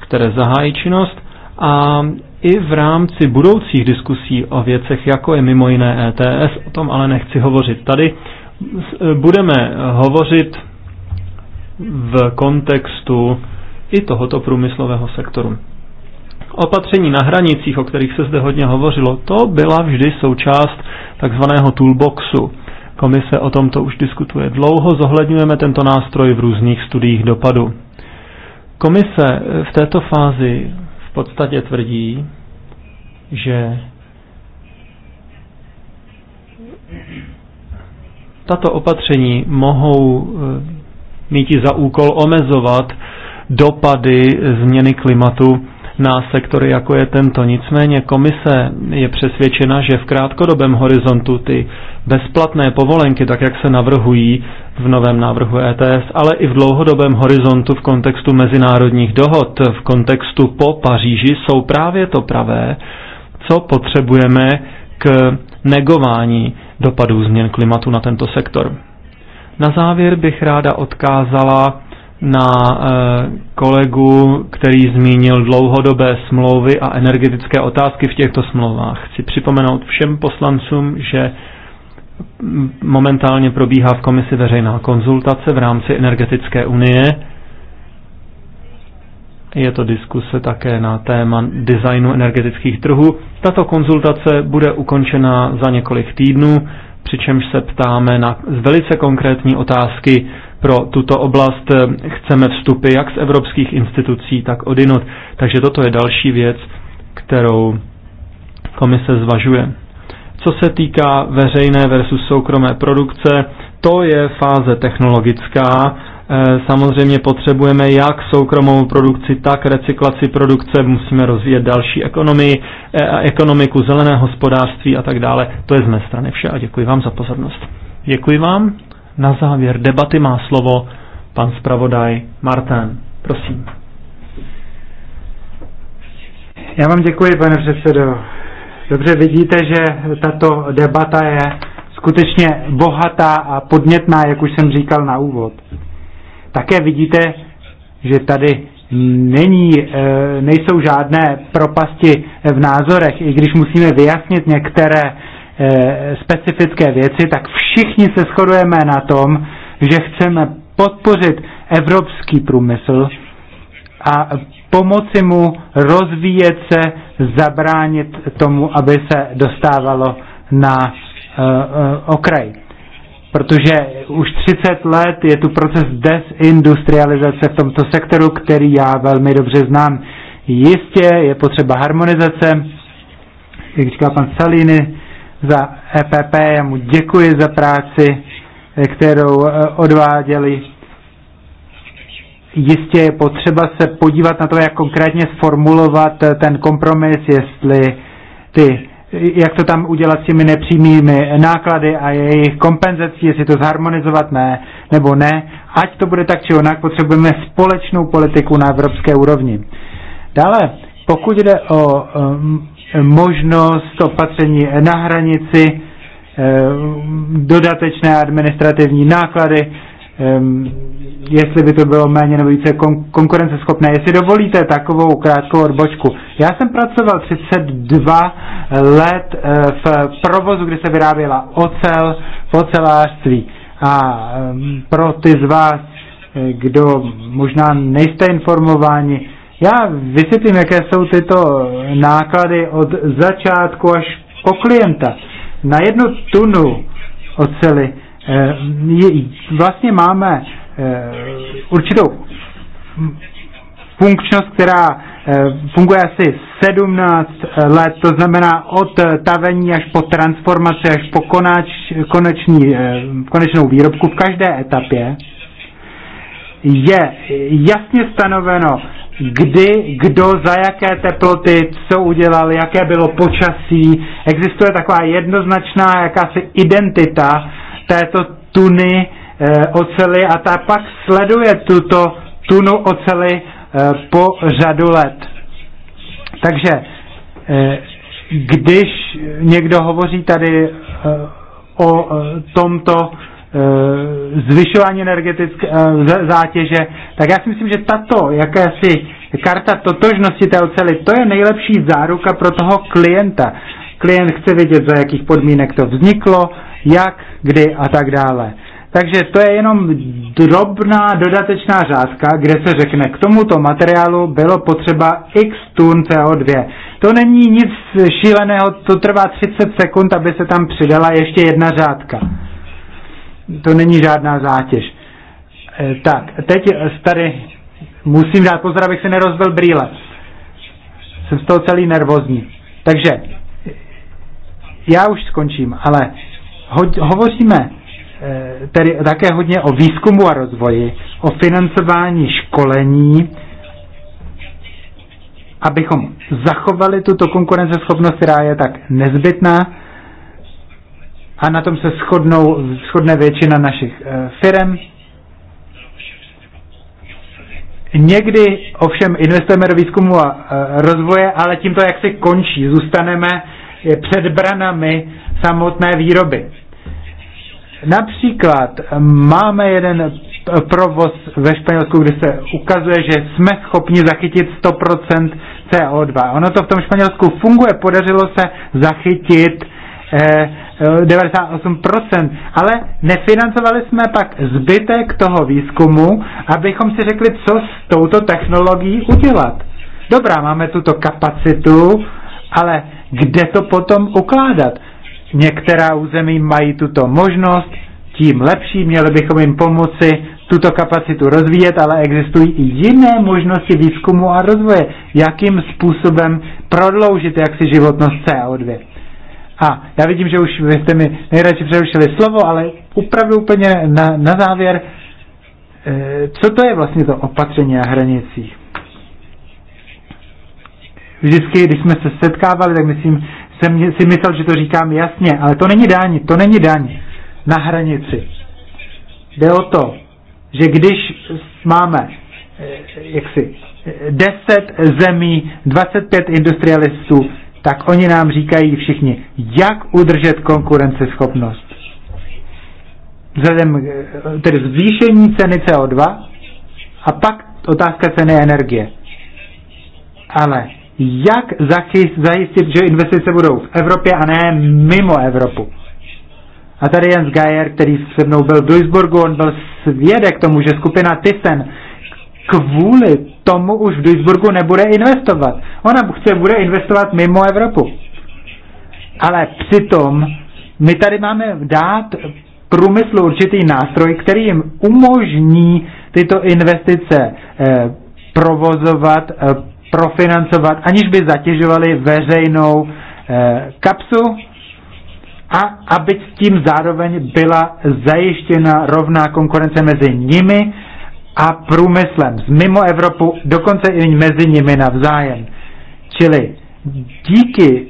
které zahájí činnost a i v rámci budoucích diskusí o věcech, jako je mimo jiné ETS, o tom ale nechci hovořit tady, budeme hovořit v kontextu i tohoto průmyslového sektoru. Opatření na hranicích, o kterých se zde hodně hovořilo, to byla vždy součást takzvaného toolboxu. Komise o tomto už diskutuje dlouho, zohledňujeme tento nástroj v různých studiích dopadu. Komise v této fázi v podstatě tvrdí, že tato opatření mohou eh, mít za úkol omezovat dopady změny klimatu na sektory, jako je tento. Nicméně komise je přesvědčena, že v krátkodobém horizontu ty bezplatné povolenky, tak jak se navrhují v novém návrhu ETS, ale i v dlouhodobém horizontu v kontextu mezinárodních dohod, v kontextu po Paříži, jsou právě to pravé, co potřebujeme k negování dopadů změn klimatu na tento sektor. Na závěr bych ráda odkázala na eh, kolegu, který zmínil dlouhodobé smlouvy a energetické otázky v těchto smlouvách. Chci připomenout všem poslancům, že momentálně probíhá v komisi veřejná konzultace v rámci energetické unie. Je to diskuse také na téma designu energetických trhů. Tato konzultace bude ukončena za několik týdnů, přičemž se ptáme na velice konkrétní otázky pro tuto oblast eh, chceme vstupy jak z evropských institucí, tak od jinot. Takže toto je další věc, kterou komise zvažuje. Co se týká veřejné versus soukromé produkce, to je fáze technologická. Eh, samozřejmě potřebujeme jak soukromou produkci, tak recyklaci produkce, musíme rozvíjet další ekonomii, eh, ekonomiku, zeleného hospodářství a tak dále. To je z mé strany vše a děkuji vám za pozornost. Děkuji vám. Na závěr debaty má slovo pan zpravodaj Martin. Prosím. Já vám děkuji, pane předsedo. Dobře vidíte, že tato debata je skutečně bohatá a podnětná, jak už jsem říkal na úvod. Také vidíte, že tady není, eh, nejsou žádné propasti v názorech, i když musíme vyjasnit některé Eh, specifické věci, tak všichni se shodujeme na tom, že chceme podpořit evropský průmysl a pomoci mu rozvíjet se, zabránit tomu, aby se dostávalo na uh, okraj. Protože už 30 let je tu proces desindustrializace v tomto sektoru, který já velmi dobře znám. Jistě je potřeba harmonizace, jak říká pan Salini, za EPP, já mu děkuji za práci, kterou eh, odváděli. Jistě je potřeba se podívat na to, jak konkrétně sformulovat eh, ten kompromis, jestli ty, jak to tam udělat s těmi nepřímými náklady a jejich kompenzací, jestli to zharmonizovat ne, nebo ne. Ať to bude tak či onak, potřebujeme společnou politiku na evropské úrovni. Dále, pokud jde o um, možnost opatření na hranici, eh, dodatečné administrativní náklady, ehm, jestli by to bylo méně nebo více konkurenceschopné. Jestli dovolíte takovou krátkou odbočku. Já jsem pracoval 32 let eh, v provozu, kde se vyráběla ocel v ocelářství. A ehm, pro ty z vás, eh, kdo možná nejste informováni, já vysvětlím, jaké jsou tyto náklady od začátku až po klienta. Na jednu tunu oceli eh, vlastně máme eh, určitou funkčnost, která eh, funguje asi 17 let, to znamená od tavení až po transformaci, až po konač, konečnou výrobku v každé etapě je jasně stanoveno kdy, kdo, za jaké teploty, co udělal, jaké bylo počasí. Existuje taková jednoznačná jakási identita této tuny e, ocely a ta pak sleduje tuto tunu ocely e, po řadu let. Takže e, když někdo hovoří tady e, o e, tomto Eh, zvyšování energetické eh, zátěže, tak já si myslím, že tato jakási karta totožnosti té ocely, to je nejlepší záruka pro toho klienta. Klient chce vědět, za jakých podmínek to vzniklo, jak, kdy a tak dále. Takže to je jenom drobná dodatečná řádka, kde se řekne, k tomuto materiálu bylo potřeba x tun CO2. To není nic šíleného, to trvá 30 sekund, aby se tam přidala ještě jedna řádka to není žádná zátěž. Eh, tak, teď eh, tady musím dát pozor, abych se nerozbil brýle. Jsem z toho celý nervózní. Takže, já už skončím, ale ho, hovoříme eh, tedy také hodně o výzkumu a rozvoji, o financování školení, abychom zachovali tuto konkurenceschopnost, která je tak nezbytná a na tom se shodnou, shodne většina našich eh, firm. Někdy ovšem investujeme do výzkumu a eh, rozvoje, ale tím to jak se končí. Zůstaneme eh, před branami samotné výroby. Například máme jeden provoz ve Španělsku, kde se ukazuje, že jsme schopni zachytit 100% CO2. Ono to v tom Španělsku funguje, podařilo se zachytit eh, 98%, eh, ale nefinancovali jsme pak zbytek toho výzkumu, abychom si řekli, co s touto technologií udělat. Dobrá, máme tuto kapacitu, ale kde to potom ukládat? Některá území mají tuto možnost, tím lepší, měli bychom jim pomoci tuto kapacitu rozvíjet, ale existují i jiné možnosti výzkumu a rozvoje, jakým způsobem prodloužit jaksi životnost CO2. A já vidím, že už vy jste mi nejradši přerušili slovo, ale upravdu úplně na, na závěr, eh, co to je vlastně to opatření na hranicích? Vždycky, když jsme se setkávali, tak myslím, jsem si myslel, že to říkám jasně, ale to není daň, to není daň na hranici. Jde o to, že když máme eh, jaksi 10 zemí, 25 industrialistů, tak oni nám říkají všichni, jak udržet konkurenceschopnost. Vzhledem eh, tedy zvýšení ceny CO2 a pak otázka ceny energie. Ale jak zajistit, že investice budou v Evropě a ne mimo Evropu? A tady Jens Geier, který se mnou byl v Duisburgu, on byl svědek tomu, že skupina Thyssen kvůli tomu už v Duisburgu nebude investovat. Ona chce, bude investovat mimo Evropu. Ale přitom my tady máme dát průmyslu určitý nástroj, který jim umožní tyto investice eh, provozovat, eh, profinancovat, aniž by zatěžovali veřejnou eh, kapsu a aby s tím zároveň byla zajištěna rovná konkurence mezi nimi a průmyslem z mimo Evropu, dokonce i mezi nimi navzájem. Čili díky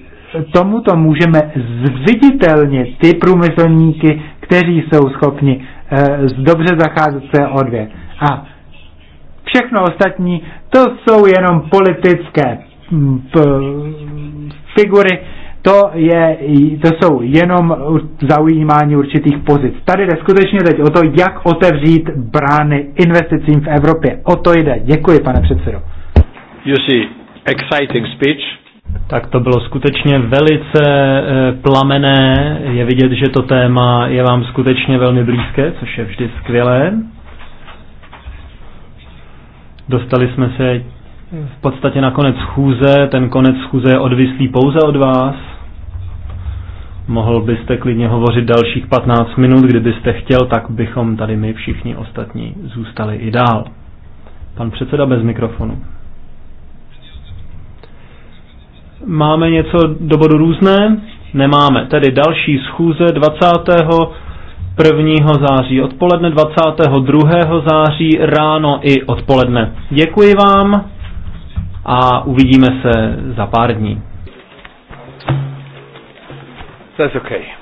tomuto můžeme zviditelnit ty průmyslníky, kteří jsou schopni eh, dobře zacházet o dvě. A všechno ostatní, to jsou jenom politické hm, figury, to, je, to jsou jenom zaujímání určitých pozic. Tady jde skutečně teď o to, jak otevřít brány investicím v Evropě. O to jde. Děkuji, pane předsedo. You see, exciting speech. Tak to bylo skutečně velice eh, plamené. Je vidět, že to téma je vám skutečně velmi blízké, což je vždy skvělé. Dostali jsme se v podstatě na konec schůze. Ten konec schůze je odvislý pouze od vás. Mohl byste klidně hovořit dalších 15 minut, kdybyste chtěl, tak bychom tady my všichni ostatní zůstali i dál. Pan předseda bez mikrofonu. Máme něco do bodu různé? Nemáme. Tedy další schůze 20. 1. září odpoledne, 22. září ráno i odpoledne. Děkuji vám a uvidíme se za pár dní. That's okay.